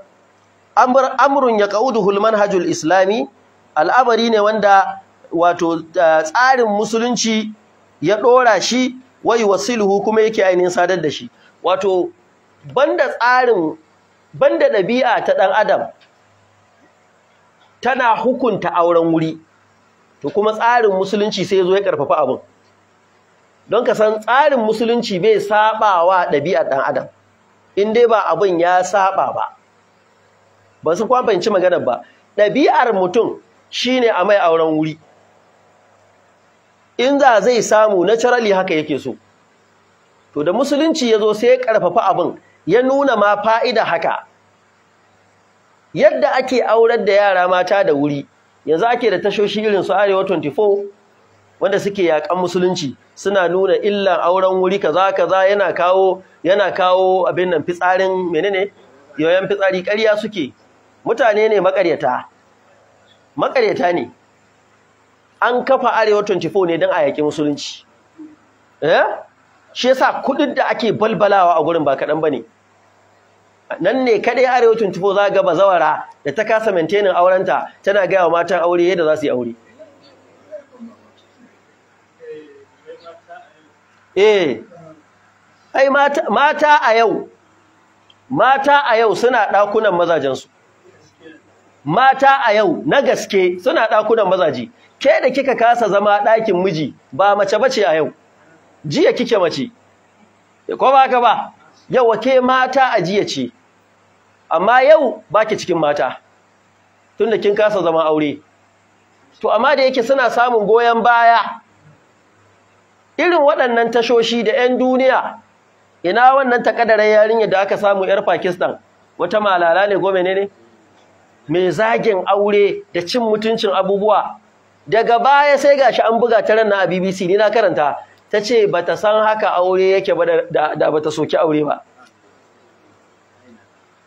[SPEAKER 1] amrun yaqauduhu almanhajul islami al'amari ne wanda wato eh, tsarin musulunci ya dora shi wai wasiluhu kuma yake ainihin sadar da shi wato banda tsarin banda dabi'a ta dan adam tana hukunta auren wuri to kuma tsarin musulunci sai zo ya karfafa abin don ka san tsarin musulunci bai saba wa ɗabi'ar ɗan adam in dai ba abin ya saba ba ba su kwamfanci maganar ba ɗabi'ar mutum shine a mai auren wuri in za zai samu na carali haka yake so to da musulunci ya zo sai ya karfafa abin ya nuna ma fa'ida haka yadda ake aurar da yara mata da wuri yanzu ake da tashoshi irin su arewa 24 wanda suke yakan musulunci suna nuna illan auren wuri kaza kaza yana kawo yana kawo abin nan fitsarin menene yoyon fitsari ƙarya suke mutane ne makaryata makaryata ne an kafa arewa 24 ne don a yaƙi musulunci eh shi yasa kuɗin da ake balbalawa a gurin ba kaɗan ba ne nan ne ya arewa 24 za ga bazawara da ta kasa maintaining aurenta tana gaya wa matan aure yadda za su yi aure eh ai mata a yau mata a yau suna ɗakunan mazajensu mata a yau na gaske suna ɗakunan mazaji ke da kika kasa zama ɗakin miji ba mace bace a yau jiya kike mace ko ba ka ba yawa ke mata a jiya ce amma yau ba ki cikin mata tunda kin kasa zama aure to amma da yake suna samun goyon baya irin waɗannan tashoshi da 'yan duniya ina wannan takadarar yarinyar da aka samu 'yar Pakistan wata malala ne gome ne ne mai zagin aure da cin mutuncin abubuwa daga baya sai gashi an buga ta ranar a BBC ni na karanta tace bata san haka aure yake ba da bata soki aure ba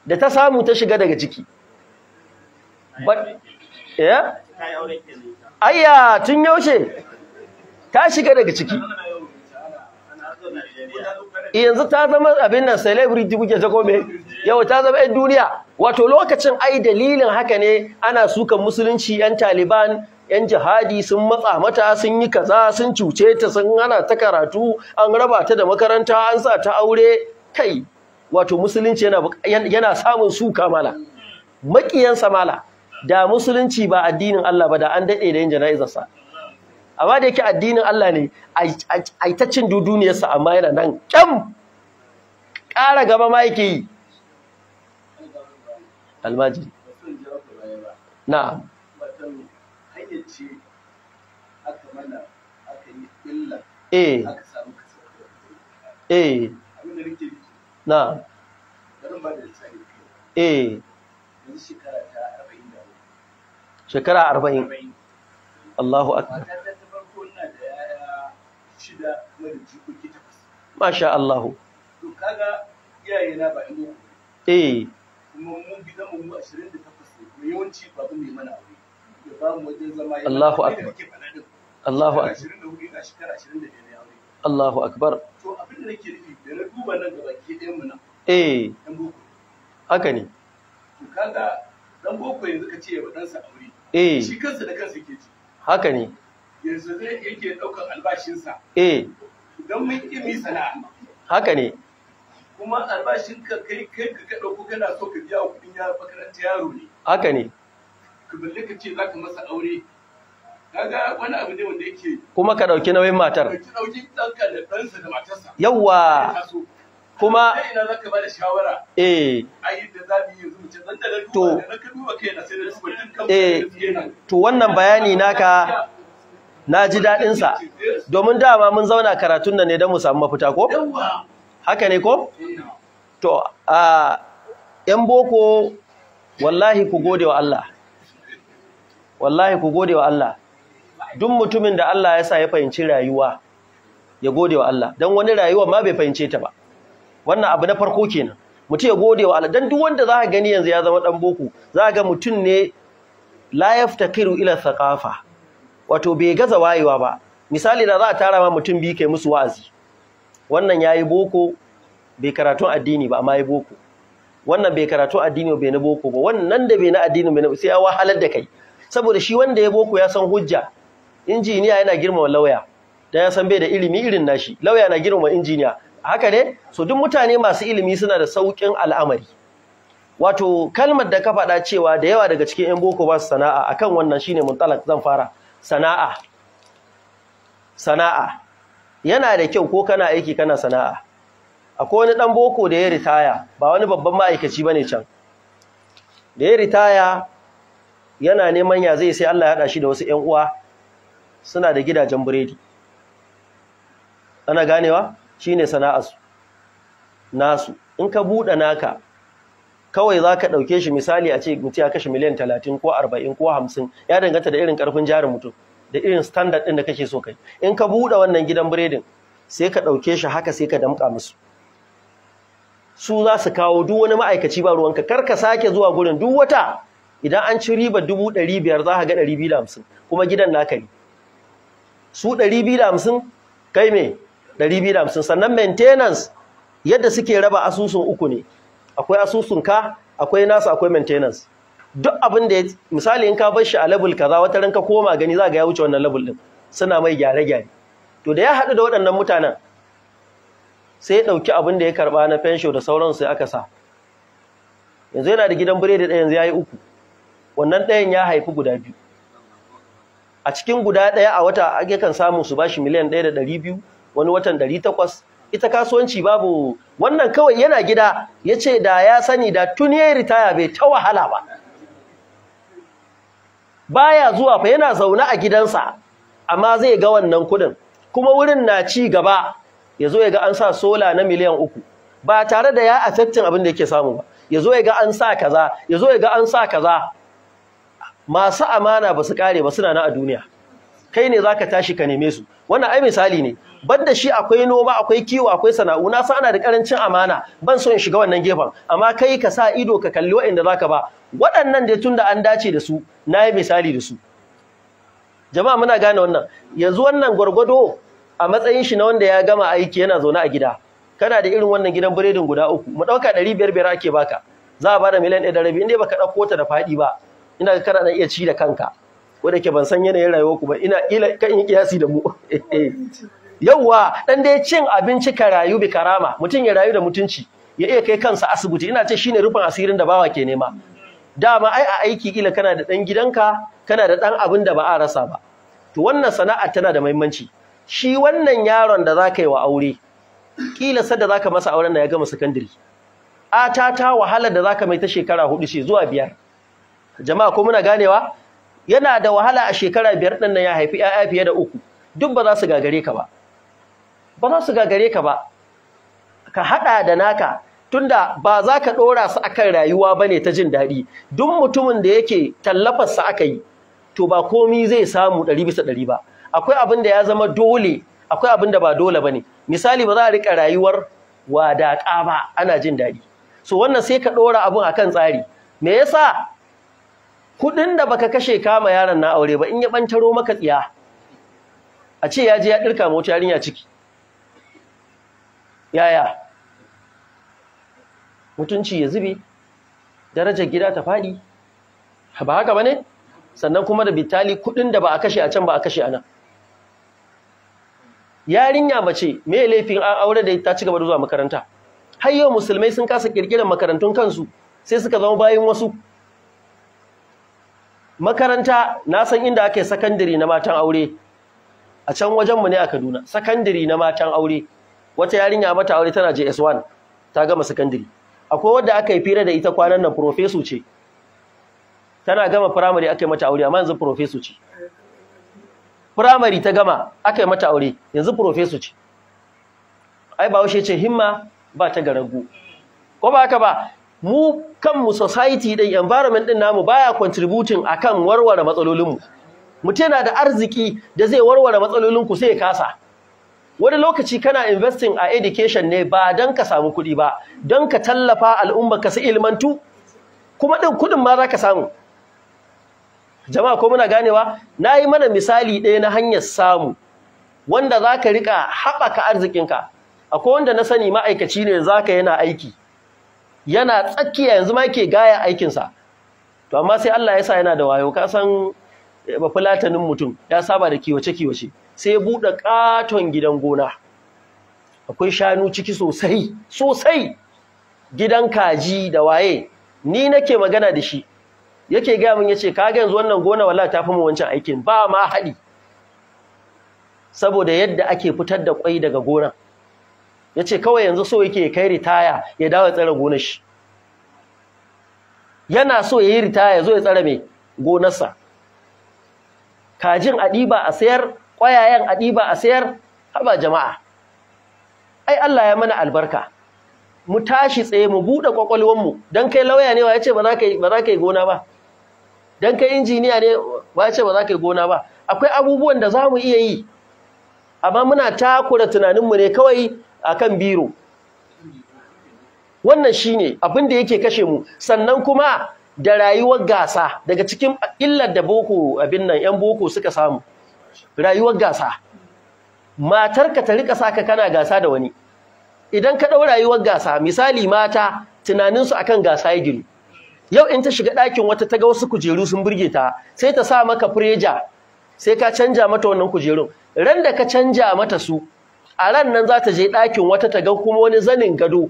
[SPEAKER 1] da ta samu ta shiga daga ciki eh? ayya tun yaushe ta shiga daga ciki eh, yanzu ta zama abin nan celebrity kuke ta kome yau ta zama yan duniya wato lokacin ai dalilin haka ne ana sukan musulunci yan taliban yan jihadi sun matsa mata sun yi kaza sun cuce ta sun hana ta karatu an raba ta da makaranta an sa ta aure kai wato musulunci yana samun su kamala makiyansa mala da musulunci ba addinin Allah ba da an daɗe da yin jana'izarsa amma da yake addinin Allah ne a ta cin sa amma yana nan kyam ƙara gaba ma yake yi Almaji. Na. eh eh na eh shekara arba'in Allahu akbar masha Allahu eh
[SPEAKER 2] Allahu akbar Allahu akbar
[SPEAKER 1] Allahu akbar
[SPEAKER 2] to abin da nake da duba nan da baki ɗayan mu nan eh haka ne to kaga ɗan boko yanzu ka ce wa ɗansa aure eh shi kansa da kansa ke ci haka ne yanzu zai yake ɗaukar albashinsa
[SPEAKER 1] eh don mun ƙi sana'a haka ne
[SPEAKER 2] kuma albashin ka kai kai ka ɗauko kana so ka biya wa kuɗin yaro makaranta yaro ne haka ne ka balle ka ce za ka masa aure kaga
[SPEAKER 1] kuma ka dauki nauyin matar
[SPEAKER 2] Yawwa, dauki kuma ina eh. to na to wannan bayani naka
[SPEAKER 1] na ji daɗin sa domin dama mun zauna karatun nan ne don mu samu mafita ko haka ne ko eh, to a ƴan boko wallahi ku gode wa Allah wallahi ku gode wa Allah duk mutumin da Allah ya sa ya fahimci rayuwa ya gode wa Allah dan wani rayuwa ma bai fahimce ta ba wannan abu na farko kenan mutum ya gode wa Allah dan duk wanda za ka gani yanzu ya zama dan boko za ka ga mutum ne la yaftakiru ila thaqafa wato bai gaza wayewa ba misali da za a tara ma mutum biyu kai musu wa'azi wannan yayi boko bai karatu addini ba amma yayi boko wannan bai karatu addini bai na boko ba wannan da bai na addini bai na sai ya wahalar da kai saboda shi wanda ya boko ya san hujja injiniya yana girmama lauya da ya san bai da ilimi irin nashi lauya na girmama injiniya haka ne so duk mutane masu ilimi suna da saukin al'amari wato kalmar da ka faɗa cewa da yawa daga cikin 'yan boko ba su sana'a akan wannan shine muntalak zan fara sana'a sana'a yana da kyau ko kana aiki kana sana'a akwai wani dan boko da ya ritaya ba wani babban ma'aikaci bane can da ya ritaya yana neman ya zai sai Allah ya haɗa shi da wasu 'yan uwa suna da gidajen biredi ana ganewa shine sana'arsu nasu in ka buɗe naka kawai za ka ɗauke shi misali a ce mutu ya kashe miliyan talatin ko arba'in ko hamsin ya danganta da irin ƙarfin jarin mutum da irin standard ɗin da kake so kai in ka buɗe wannan gidan biredin sai ka ɗauke shi haka sai ka damƙa musu su za su kawo duk wani ma'aikaci ba ruwanka kar ka sake zuwa gurin duk wata idan an ci riba dubu ɗari biyar za ka ga ɗari biyu da hamsin kuma gidan naka ne su 250 kai me 250 sannan maintenance yadda suke raba asusun uku ne akwai asusun ka akwai nasu akwai maintenance duk abin da misali in ka bar shi a level kaza wata ran ka koma gani za ga ya wuce wannan level din suna mai gyare gyare to da ya haɗu da waɗannan mutanen sai ya ɗauki abin da ya karba na fensho da sauran sai aka sa yanzu yana da gidan biredi ɗaya yanzu yayi uku wannan ɗayan ya haifi guda biyu a cikin guda ɗaya a wata ake kan samu su bashi miliyan ɗaya da ɗari biyu wani watan ɗari takwas ita kasuwanci babu wannan kawai yana gida ya ce da ya sani da tun ya ritaya bai ta wahala ba baya zuwa fa yana zaune a gidansa amma zai ga wannan kuɗin kuma wurin na ci gaba ya zo ya ga an sa sola na miliyan uku ba tare da ya affectin abin da yake samu ba ya zo ya ga an sa kaza ya zo ya ga an sa kaza masu amana ba su kare ba suna na a duniya kai ne za ka tashi ka neme su wannan ai misali ne banda shi akwai noma akwai kiwo akwai sana'u na sa ana da karancin amana ban so in shiga wannan gefen amma kai ka sa ido ka kalli waɗanda ka ba waɗannan da tunda an dace da su na yi misali da su jama'a muna gane wannan yanzu wannan gwargwado a matsayin shi na wanda ya gama aiki yana zaune a gida kana da irin wannan gidan biredin guda uku mu ɗauka ɗari biyar biyar ake baka za a bada miliyan ɗaya da rabi in baka ɗauko ta da faɗi ba ina ga kana iya ci da kanka ko da ke ban san yanayin rayuwar ku ba ina ila kan yi kiyasi da mu yauwa dan dai cin abinci ka rayu bi karama mutum ya rayu da mutunci ya iya kai kansa asibiti ina ce shine rufin asirin da bawa ke nema dama ai a aiki kila kana da dan gidanka kana da dan abin da ba a rasa ba to wannan sana'a tana da muhimmanci shi wannan yaron da zaka yi wa aure kila sadda zaka masa auren da ya gama sakandare a ta ta wahalar da zaka mai ta shekara hudu ce zuwa biyar jama'a ko muna ganewa yana da wahala a shekara biyar ɗin nan ya haifi ‘ya'ya fiye da uku duk ba za su gagare ka ba ba za su gagare ka ba ka haɗa da naka tunda ba za ka ɗora su akan rayuwa ba ne ta jin daɗi duk mutumin da yake tallafarsa aka yi to ba komi zai samu ɗari bisa ɗari ba akwai abin da ya zama dole akwai abin da ba dole ba ne misali ba za a riƙa rayuwar wadaƙa ba ana jin daɗi so wannan sai ka ɗora abin akan tsari me yasa kuɗin da baka kashe kama yaron na aure ba in ya bantaro maka tsiya a ce ya je ya ɗirka mota yarinya ciki yaya mutunci ya zube darajar gida ta faɗi ba haka ba sannan kuma da bitali kuɗin da ba a kashe a can ba a kashe a yarinya mace me laifin an aure da ta ci gaba da zuwa makaranta har yau musulmai sun kasa kirkirar makarantun kansu sai suka zama bayin wasu makaranta na san inda ake sakandare na matan aure a can wajenmu ne a Kaduna sakandare na matan aure wata yarinya mata aure tana JS1 ta gama sakandare akwai wadda aka yi fira da ita kwanan nan profesu ce tana gama firamare aka yi mata aure amma yanzu profesu ce Firamare ta gama aka yi mata aure yanzu profesu ce ai ba ce himma ba ta garago ko ba haka ba mu kanmu society din environment din namu baya contributing akan warware matsalolinmu mutum yana da arziki da zai warware matsalolinku sai ya kasa wani lokaci kana investing a education ne ba don ka samu kuɗi ba don ka tallafa al'umma ka su ilmantu kuma ɗin kuɗin ma za ka samu jama'a ko muna ganewa na yi mana misali ɗaya na hanyar samu wanda za ka riƙa haɓaka arzikinka akwai wanda na sani ma'aikaci ne za ka yana aiki yana tsakiya yanzu ma yake gaya aikinsa to amma sai Allah ya sa yana da wayo ka san eh, bafulatanin mutum ya saba da kiwace kiwace sai ya buɗe katon gidan gona akwai shanu ciki sosai sosai gidan kaji da waye ni nake magana da shi yake gaya min yace ga yanzu wannan gona wallahi ta fi mu wancan aikin ba ma haɗi saboda yadda ake fitar da kwai daga gona. ya ce kawai yanzu so yake kai ritaya ya dawo ya tsare gonar shi yana so ya yi ritaya ya zo ya tsara mai gonarsa kajin Adiba a sayar ƙwayayen Adiba a sayar haba jama'a ai Allah ya mana albarka mu tashi tsaye mu buɗe mu don kai lauya ne wa ya ce ba za ka yi gona ba don kai injiniya ne wa ya ce ba za ka yi gona ba akwai abubuwan da za mu iya yi amma muna takura tunaninmu ne kawai akan biro wannan shine abin da yake kashe mu sannan kuma da rayuwar gasa daga cikin illar da boko abin nan yan boko suka samu rayuwar gasa matarka ta rika saka kana gasa da wani idan ka ɗau rayuwar gasa misali mata tunaninsu akan gasa ya giru yau in ta shiga ɗakin wata ta ga wasu kujeru sun burge ta sai ta sa maka fureja sai ka canja mata wannan kujerun ran da ka canja mata su a ran nan za ta je ɗakin wata ta ga kuma wani zanin gado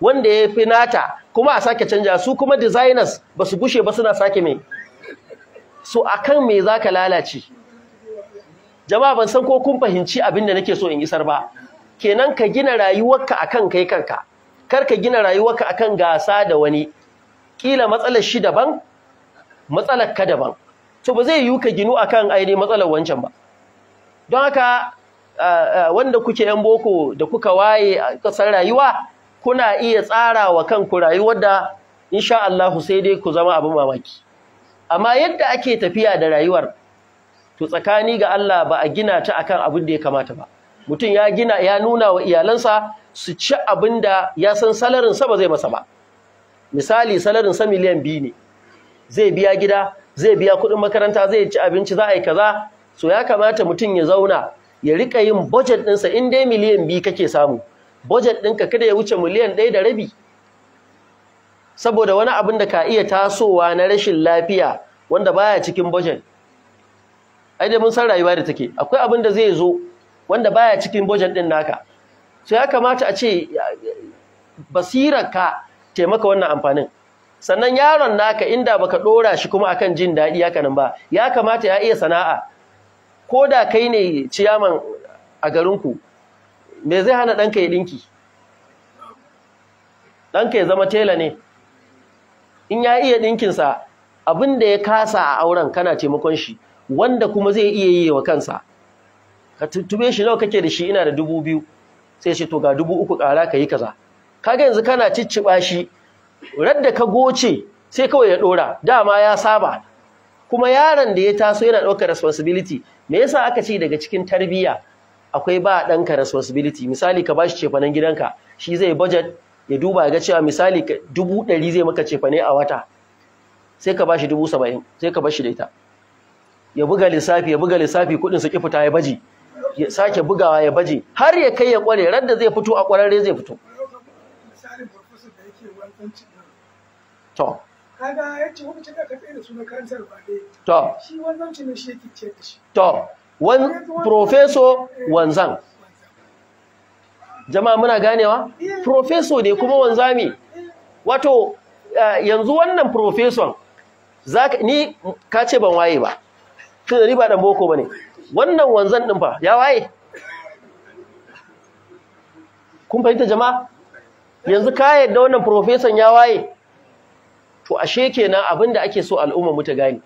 [SPEAKER 1] wanda ya fi nata kuma a sake canja su kuma designers ba su gushe ba suna sake mai so a kan mai za ka lalace jama'a ban san ko kun fahimci abin da nake so in isar ba kenan ka gina rayuwarka a kan kai kanka kar ka gina rayuwarka a kan gasa da wani kila matsalar shi daban matsalar ka daban to ba zai yiwu ka ginu kan ainihin matsalar wancan ba don haka wanda kuke yan boko da kuka waye a kasar rayuwa kuna iya tsara wa kanku rayuwar da insha Allah sai dai ku zama abin mamaki amma yadda ake tafiya da rayuwar to tsakani ga Allah ba a gina ta akan abin da ya kamata ba mutum ya gina ya nuna wa iyalansa su ci abin da ya san salarin sa ba zai masa ba misali salarin sa miliyan biyu ne zai biya gida zai biya kuɗin makaranta zai ci abinci za a yi kaza so ya kamata mutum ya zauna ya rika yin budget ɗinsa in dai miliyan biyu kake samu budget ɗinka kada ya wuce miliyan ɗaya da rabi saboda wani abin da ka iya tasowa na rashin lafiya wanda baya cikin budget ai dai mun san rayuwa da take akwai abin da zai zo wanda baya cikin budget ɗin naka so ya kamata a ce basirarka taimaka wannan amfanin sannan yaron naka inda baka dora shi kuma akan jin daɗi haka nan ba ya kamata ya iya sana'a ko da kai ne ciyaman a garinku me zai hana ɗanka ya ɗinki ɗanka ya zama tela ne in ya iya ɗinkinsa abin da ya kasa a auren kana taimakon shi wanda kuma zai iya yi wa kansa ka tuntube shi nawa kake da shi ina da dubu biyu sai shi to ga dubu uku ƙara ka yi kaza Ka ga yanzu kana cicciɓa shi radda ka goce sai kawai ya ɗora dama ya saba kuma yaron da ya taso yana ɗaukar responsibility me yasa aka ce daga cikin tarbiyya akwai ba ɗanka responsibility misali ka bashi cefanen gidanka shi zai budget ya duba ga cewa misali dubu ɗari zai maka cefane a wata sai ka bashi dubu saba'in sai ka bashi da ita ya buga lissafi ya buga lissafi kuɗin su ki fita ya baji ya sake bugawa ya baje har ya kai ya kware ran da zai fito a kwararre zai fito to kaga eh, wanzan jama'a muna ganewa eh. professor ne kuma wanzami wato eh, yanzu wannan professor ni ka ce ban waye ba tunda ni ba dan boko bane wannan wanzan din fa ya waye kun fahimta jama'a yanzu ka yadda wannan professor ya waye to ashe kenan abin da ake so al'umma mu ta gane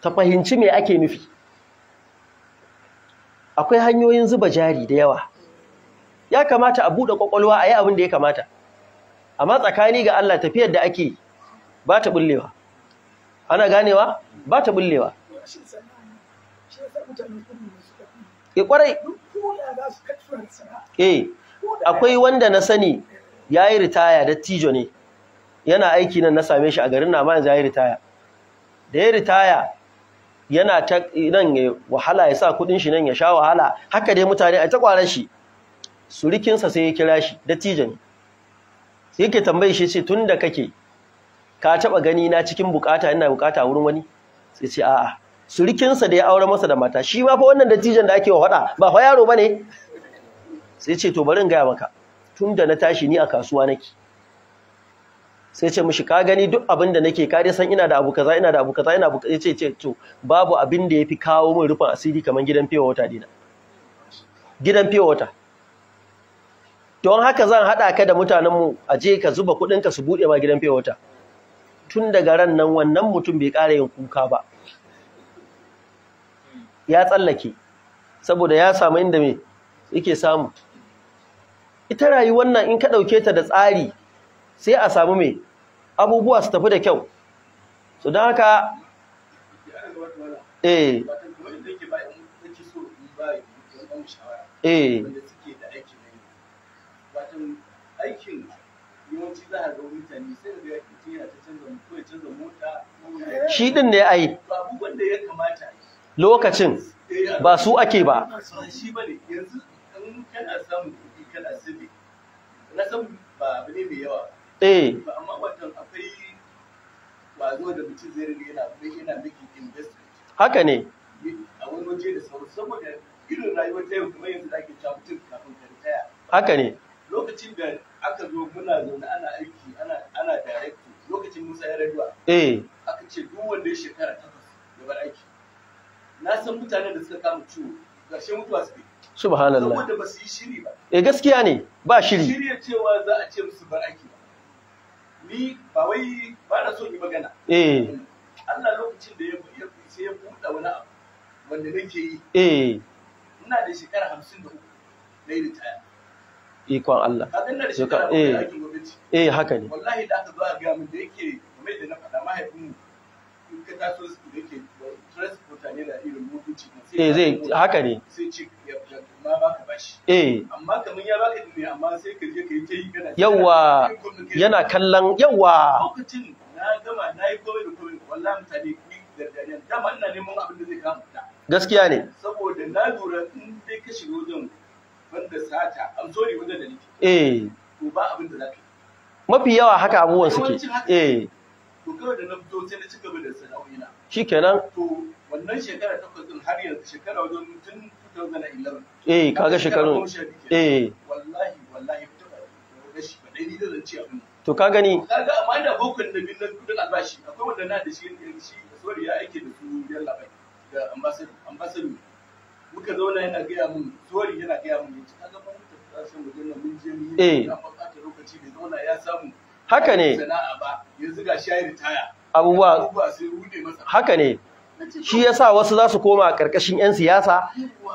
[SPEAKER 1] ta fahimci me ake nufi akwai hanyoyin zuba jari da yawa ya kamata a buɗe ƙwaƙwalwa a yi abin da ya kamata amma tsakani ga Allah tafiyar da ake ba ta bullewa ana ganewa ba ta bullewa e kwarai eh akwai wanda na sani ya yi ritaya dattijo ne yana aiki nan na same shi a garin na yanzu ya yi ritaya da ya ritaya yana ta nan ya wahala ya sa kudin shi nan ya sha wahala haka dai mutane a ta kwaran shi surikinsa sai ya kira shi tijo ne sai yake tambaye shi ce tun da kake ka taba gani na cikin bukata ina bukata wurin wani sai ce a'a surikinsa da ya aure masa da mata shi ma fa wannan dattijon da ake wa faɗa ba fa yaro bane sai ce to bari in gaya maka tun da na tashi ni a kasuwa nake sai ce mishi ka gani duk abin da nake ka san ina da abu kaza ina da abu kaza ina abu kaza ce ce to babu abin da yafi kawo min rufin asiri kamar gidan fiye wata dina gidan fiye wata don haka zan haɗa ka da mutanen mu a je ka zuba kudin ka su bude ma gidan fiye wata tun daga ran nan wannan mutum bai ƙara yin kuka ba ya tsallake saboda ya samu inda me yake samu ita rayuwar nan in ka ɗauke ta da tsari sai a samu mai abubuwa su tafi da kyau su don haka eh eh
[SPEAKER 2] shi ɗin ne ai yi.
[SPEAKER 1] lokacin
[SPEAKER 2] ba su ake ba political assembly na san ba abu ne mai yawa eh amma watan akwai wazo da mutum zai rage yana yana making investment haka ne a wani waje da sauran saboda irin rayuwar ta yau kuma yanzu da ake cewa mutum kafin ka
[SPEAKER 1] ritaya haka ne lokacin da aka zo muna zaune ana aiki ana ana director lokacin
[SPEAKER 2] Musa ya raduwa eh aka ce duk wanda ya shekara takwas ya bar aiki na san mutanen da suka kama ciwo ƙarshen mutuwa suke
[SPEAKER 1] subhanallah eh gaskiya ne
[SPEAKER 2] ba shiri shiri ya cewa za a ce musu ba aiki ba ni ba wai ba na so ki magana eh Allah lokacin da ya sai ya buɗa wani abu wanda nake yi eh ina da shekara 53 da uku na yi ritaya
[SPEAKER 1] ikon Allah eh eh haka ne wallahi
[SPEAKER 2] da aka zo a ga mun da yake kamar da na faɗa mahaifinmu in ka taso da ne da irin eh, haka ne sai ci ma bashi eh amma ya baka ne amma sai ka je ka yi ta yi kana yawa yana kallon
[SPEAKER 1] yawa
[SPEAKER 2] lokacin na gama na yi komai da komai wallahi mutane da dariya abin da zai kama gaskiya ne saboda na lura in dai ka shiga wajen banda sata am sorry wajen da nake eh to ba abin da zaka
[SPEAKER 1] mafi yawa haka abubuwan suke eh
[SPEAKER 2] to kawai da na fito sai na ci gaba da sana'o'ina kenan. to wannan shekara takwas ɗin har yanzu shekara wajen tun 2011 eh kaga shekaru
[SPEAKER 1] eh wallahi wallahi
[SPEAKER 2] rashi ba dai ni da zance abin to ka gani ga amma da bokon da bin kudin albashi akwai wanda na da shi shi sorry ya aike da su biyar bai da ambassador ambassador muka zauna yana gaya mun sorry yana gaya mun yace kaga mun tafi kasashen wajen nan mun je mun yi eh. a lokaci da zauna ya samu haka ne
[SPEAKER 1] abubuwa haka ne shi ya sa wasu za su koma ƙarƙashin 'yan siyasa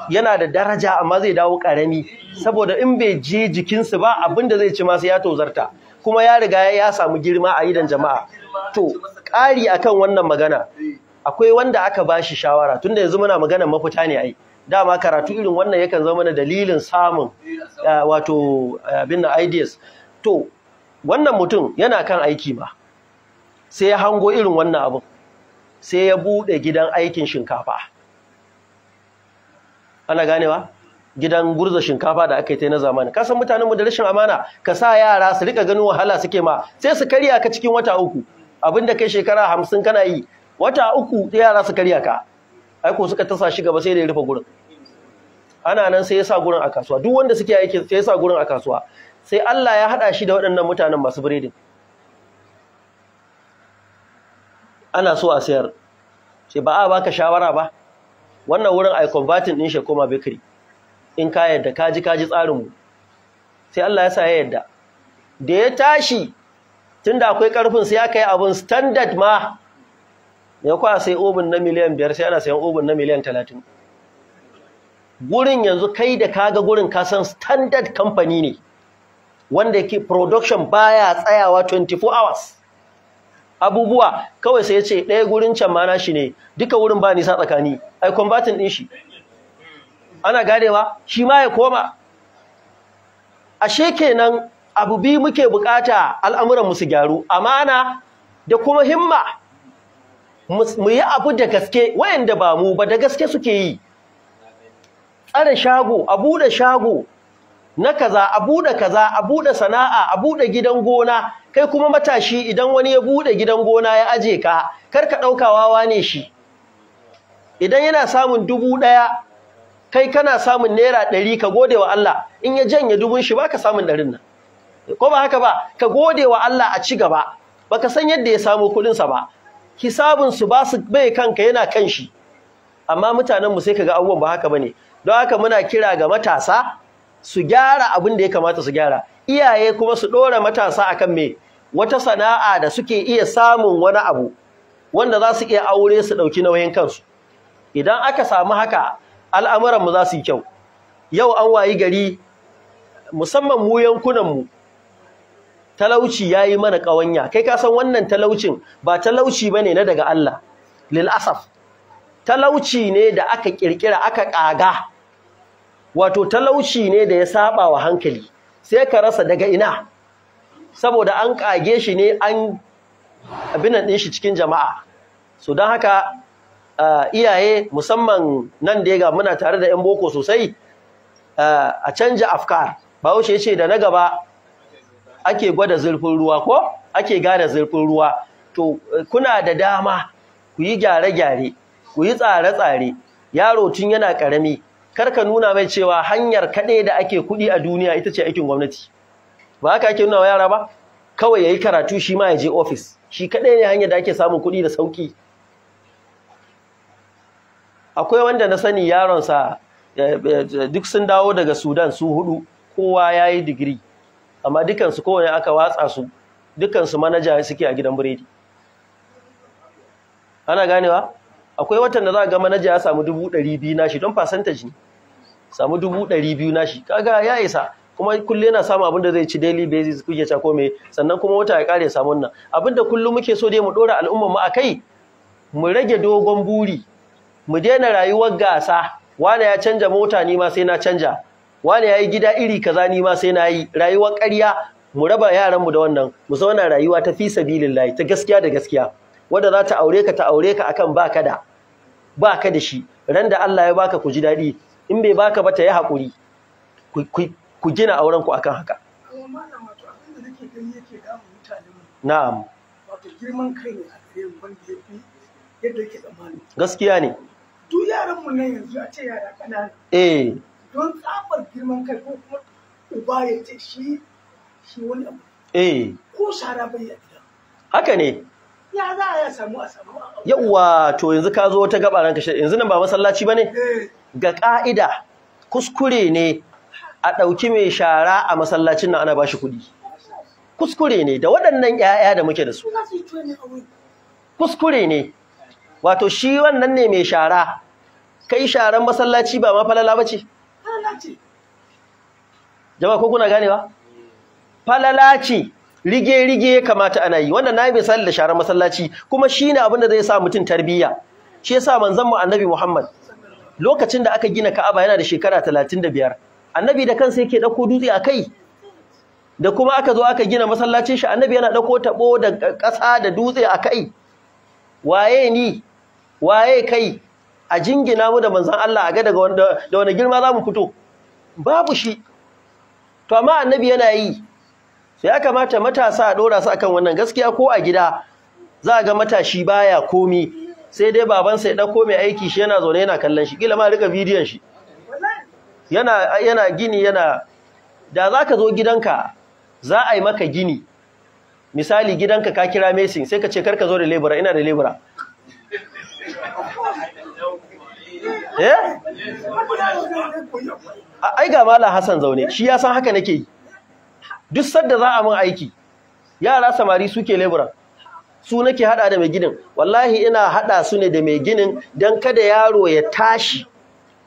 [SPEAKER 1] yana da daraja amma zai dawo ƙarami eh. saboda in bai je jikinsu ba abinda zai ci masu ya tozarta kuma ya riga ya samu girma a idan jama'a to ƙari akan wannan magana eh. akwai wanda aka ba shi shawara tunda yanzu muna magana mafita ne a yi. dama karatu irin wannan yakan zama na dalilin samun eh, wato abin ideas to wannan mutum yana kan aiki ba sai ya hango irin wannan abin sai ya bude gidan aikin shinkafa ana ganewa gidan gurza shinkafa da aka yi ta na zamani kasan mutanenmu da rashin amana ka sa yara su rika ganin wahala suke ma sai su karya ka cikin wata uku abinda kai shekara hamsin kana yi wata uku yara su karya ka aiko suka tasa shi gaba sai da rufe gurin ana nan sai ya sa gurin a kasuwa duk wanda suke aiki sai ya sa gurin a kasuwa sai Allah ya haɗa shi da waɗannan mutanen masu biredin ana so a sayar sai ba a baka shawara ba wannan wurin ai converting ɗin shi koma bakery in ka yadda kaji kaji tsarin sai Allah ya sa ya yadda da ya tashi tun da akwai karfin sai aka yi abun standard ma ya kwa sai obin na miliyan biyar sai ana sayan obin na miliyan talatin, gurin yanzu kai da kaga gurin kasan standard company ne wanda yake production baya tsayawa 24 hours abubuwa kawai sai ya ce ɗaya gurin can mana shi ne duka wurin ba nisa tsakani ai combatant din shi ana ganewa shi ma ya koma ashe kenan abu bi muke bukata al'amuran mu su gyaru amana da kuma himma mu yi abu da gaske wayanda ba mu ba da gaske suke yi tsare shago a buɗe shago na kaza a buɗe kaza a buɗe sana'a a buɗe gidan gona kai kuma matashi idan wani ya buɗe gidan gona ya aje ka kar ka ɗauka wawa ne shi idan yana samun dubu ɗaya kai kana samun naira ɗari ka gode wa Allah in ya janye dubun shi baka samun ɗarin nan ko ba haka ba ka gode wa Allah a ci gaba baka san yadda ya samu kuɗinsa ba hisabin su ba su bai kanka yana kan shi amma mutanen mu sai kaga abubuwan ba haka bane don haka muna kira ga matasa su gyara abin da ya kamata su gyara iyaye kuma su ɗora matasa akan me wata sana'a da suke iya samun wani abu wanda za su iya aure su ɗauki nauyin kansu idan aka samu haka al'amuranmu za su yi kyau yau an wayi gari musamman mu yankunan mu talauci ya yi mana ƙawanya kai ka san wannan talaucin ba talauci ba ne na daga Allah lil'asaf talauci ne da aka ƙirƙira aka ƙaga wato talauci ne da ya saba wa hankali sai ka rasa daga ina saboda an kage shi ne an abinan din shi cikin jama'a so don haka iyaye musamman nan da ga muna tare da yan boko sosai a canja afkar bahaushe wuce ce da na gaba ake gwada zurfin ruwa ko ake gane zurfin ruwa to kuna da dama ku yi gyare-gyare ku yi tsare-tsare yaro tun yana ƙarami kar ka nuna mai cewa hanyar kaɗai da ake kuɗi a duniya ita ce aikin gwamnati ba haka ake nuna wa yara ba kawai ya yi karatu shi ma ya je ofis shi kaɗai ne hanyar da ake samun kuɗi da sauƙi akwai wanda na sani yaronsa eh, eh, duk sun dawo daga sudan su hudu kowa ya yi digiri amma dukansu kowane aka watsa su dukansu manaja suke a gidan biredi ana ganewa akwai watan da za ga manaja ya samu dubu ɗari biyu na shi don fasantaji ne samu dubu ɗari biyu nashi kaga ya isa kuma kulle yana samun abin da zai ci daily basis kuke ta me sannan kuma wata ya kare samu wannan abin da kullum muke so dai mu dora al'ummar mu akai mu rage dogon buri mu daina rayuwar gasa wani ya canja mota ni ma sai na canja wani ya yi gida iri kaza ni ma sai na yi rayuwar ƙarya mu raba yaran mu da wannan mu zauna rayuwa ta fi sabilillahi ta gaskiya da gaskiya wanda za ta aure ka ta aure ka akan baka da baka da shi ran da Allah ya baka ku ji daɗi in bai baka ba ta yi haƙuri ku gina auren ku akan haka na'am
[SPEAKER 2] wato girman kai ne a gare mu wanda ya fi yadda yake tsammani gaskiya ne duk yaran mu nan yanzu a ce yara ƙanana eh don tsabar girman kai ko kuma uba ya ce shi shi wani abu eh ko shara bai yi gida haka ne ya za a samu a samu
[SPEAKER 1] yawwa to yanzu ka zo ta gaba ranka yanzu nan ba masallaci ne? Eh. ga ka'ida kuskure ne a ɗauki mai shara a masallacin nan ana ba shi kuɗi kuskure ne da waɗannan 'ya'ya da muke da su kuskure ne wato shi wannan ne mai shara kai sharan masallaci ba ma falala ba
[SPEAKER 2] falala ce
[SPEAKER 1] jama'a ko kuna ganewa falala ce rige-rige ya kamata ana yi wannan nayi misali da sharar masallaci kuma shine abin da zai sa mutum tarbiyya shi yasa manzon mu annabi Muhammad lokacin da aka gina Ka'aba yana da shekara 35 annabi da kansa yake dauko dutse akai? da kuma aka zo aka gina masallacin shi annabi yana dauko tabo da ƙasa da dutse akai? waye ni waye kai a jingina mu da manzon Allah a ga daga wanda da wani girma zamu fito babu shi to amma annabi yana yi ya kamata matasa a ɗora su akan wannan gaskiya ko a gida za a ga matashi baya komi sai dai babansa ya ɗauko mai aiki shi yana zaune yana kallon shi kila ma rika bidiyon shi yana yana gini yana da za ka zo gidanka za a yi maka gini misali gidanka ka kira mesin sai ka ce kar ka zo da lebura ina da lebura eh ai ga mala hasan zaune shi ya san haka nake yi duk sadda za a min aiki yara samari suke lebura su nake hada da mai ginin wallahi ina hada su ne da mai ginin dan kada yaro ya tashi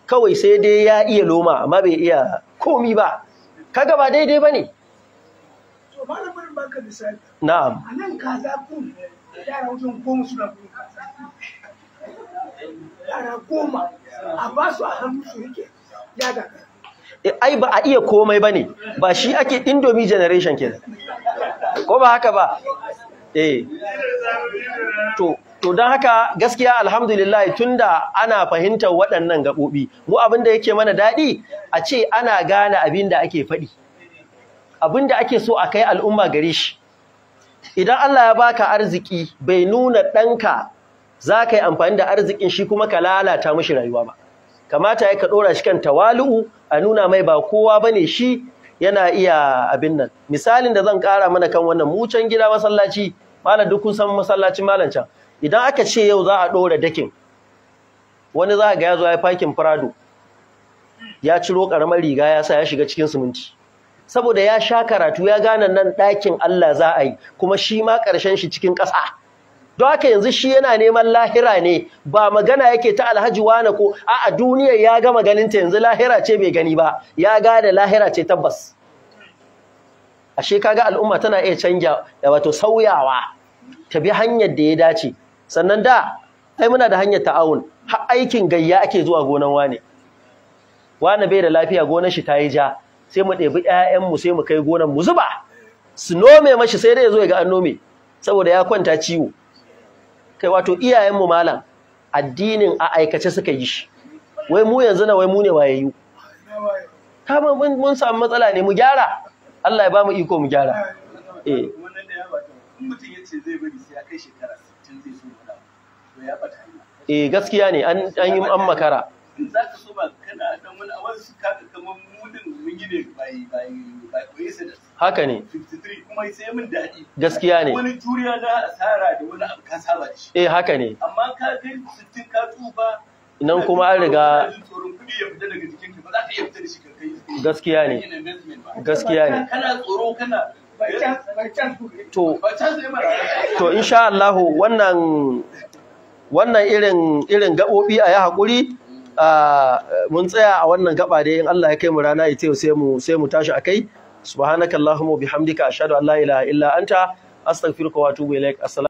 [SPEAKER 1] kawai sai dai ya iya loma amma bai iya komi ba kaga ba daidai bane
[SPEAKER 2] to malamin baka na'am kaza kun yara wajen goma suna kun yara goma a ba su a hannu su rike ya gagara
[SPEAKER 1] ai ba a iya komai ba ne ba shi ake indomie generation ke ko ba haka ba eh to to don haka gaskiya alhamdulillah tunda ana fahimtar waɗannan gaɓoɓi mu abinda yake mana daɗi a ce ana gane abin da ake faɗi abin da ake so a kai al'umma gare shi idan Allah ya baka arziki bai nuna ɗanka za ka yi amfani da arzikin shi kuma ka lalata mashi rayuwa ba kamata ya ka ɗora shi kan tawalu'u a nuna mai ba kowa ba ne shi yana iya abin nan misalin da zan ƙara mana kan wannan mucan gida masallaci malam duk kun san masallacin malam can idan aka ce yau za a ɗora dakin wani za a ga ya zo ya fakin prado ya ciro ƙaramar riga ya sa ya shiga cikin siminti saboda ya sha karatu ya gane nan ɗakin Allah za a yi kuma shi ma ƙarshen shi cikin ƙasa don haka yanzu shi yana neman lahira ne ba magana yake ta alhaji wane ko a a duniyar ya gama ta yanzu lahira ce bai gani ba ya gada lahira ce tabbas ashe kaga al'umma tana iya canja wato sauyawa ta bi hanyar da ya dace sannan da ai muna da hanyar ta'awun har aikin gayya ake zuwa gonan wane wane bai da lafiya gonar shi ta yi ja sai mu ɗebi mu sai mu kai gonar mu zuba su nome mashi sai dai ya zo ya ga an nome saboda ya kwanta ciwo kai wato iyayenmu malam addinin a aikace suka yi shi wai mu yanzu na wai mu ne wayayyu ta mun samu matsala ne mu gyara Allah ya ba mu iko mu gyara eh gaskiya ne an yi an makara
[SPEAKER 2] za ka so ba kana dan wani awansu kaga kamar mudin mun gine bai bai bai koyi da haka ne gaskiya ne eh haka ne amma ka kai 60 ka tsufa
[SPEAKER 1] nan kuma an riga
[SPEAKER 2] gaskiya ne gaskiya ne kana tsoro kana to to insha
[SPEAKER 1] Allah wannan wannan irin irin gabobi a yi hakuri ah, mun tsaya a wannan gaba dai in Allah ya kai mu rana ita sai mu sai mu tashi a kai. subhanakallahumma bihamdika ashhadu an la ilaha illa anta astaghfiruka wa atubu ilaik assalamu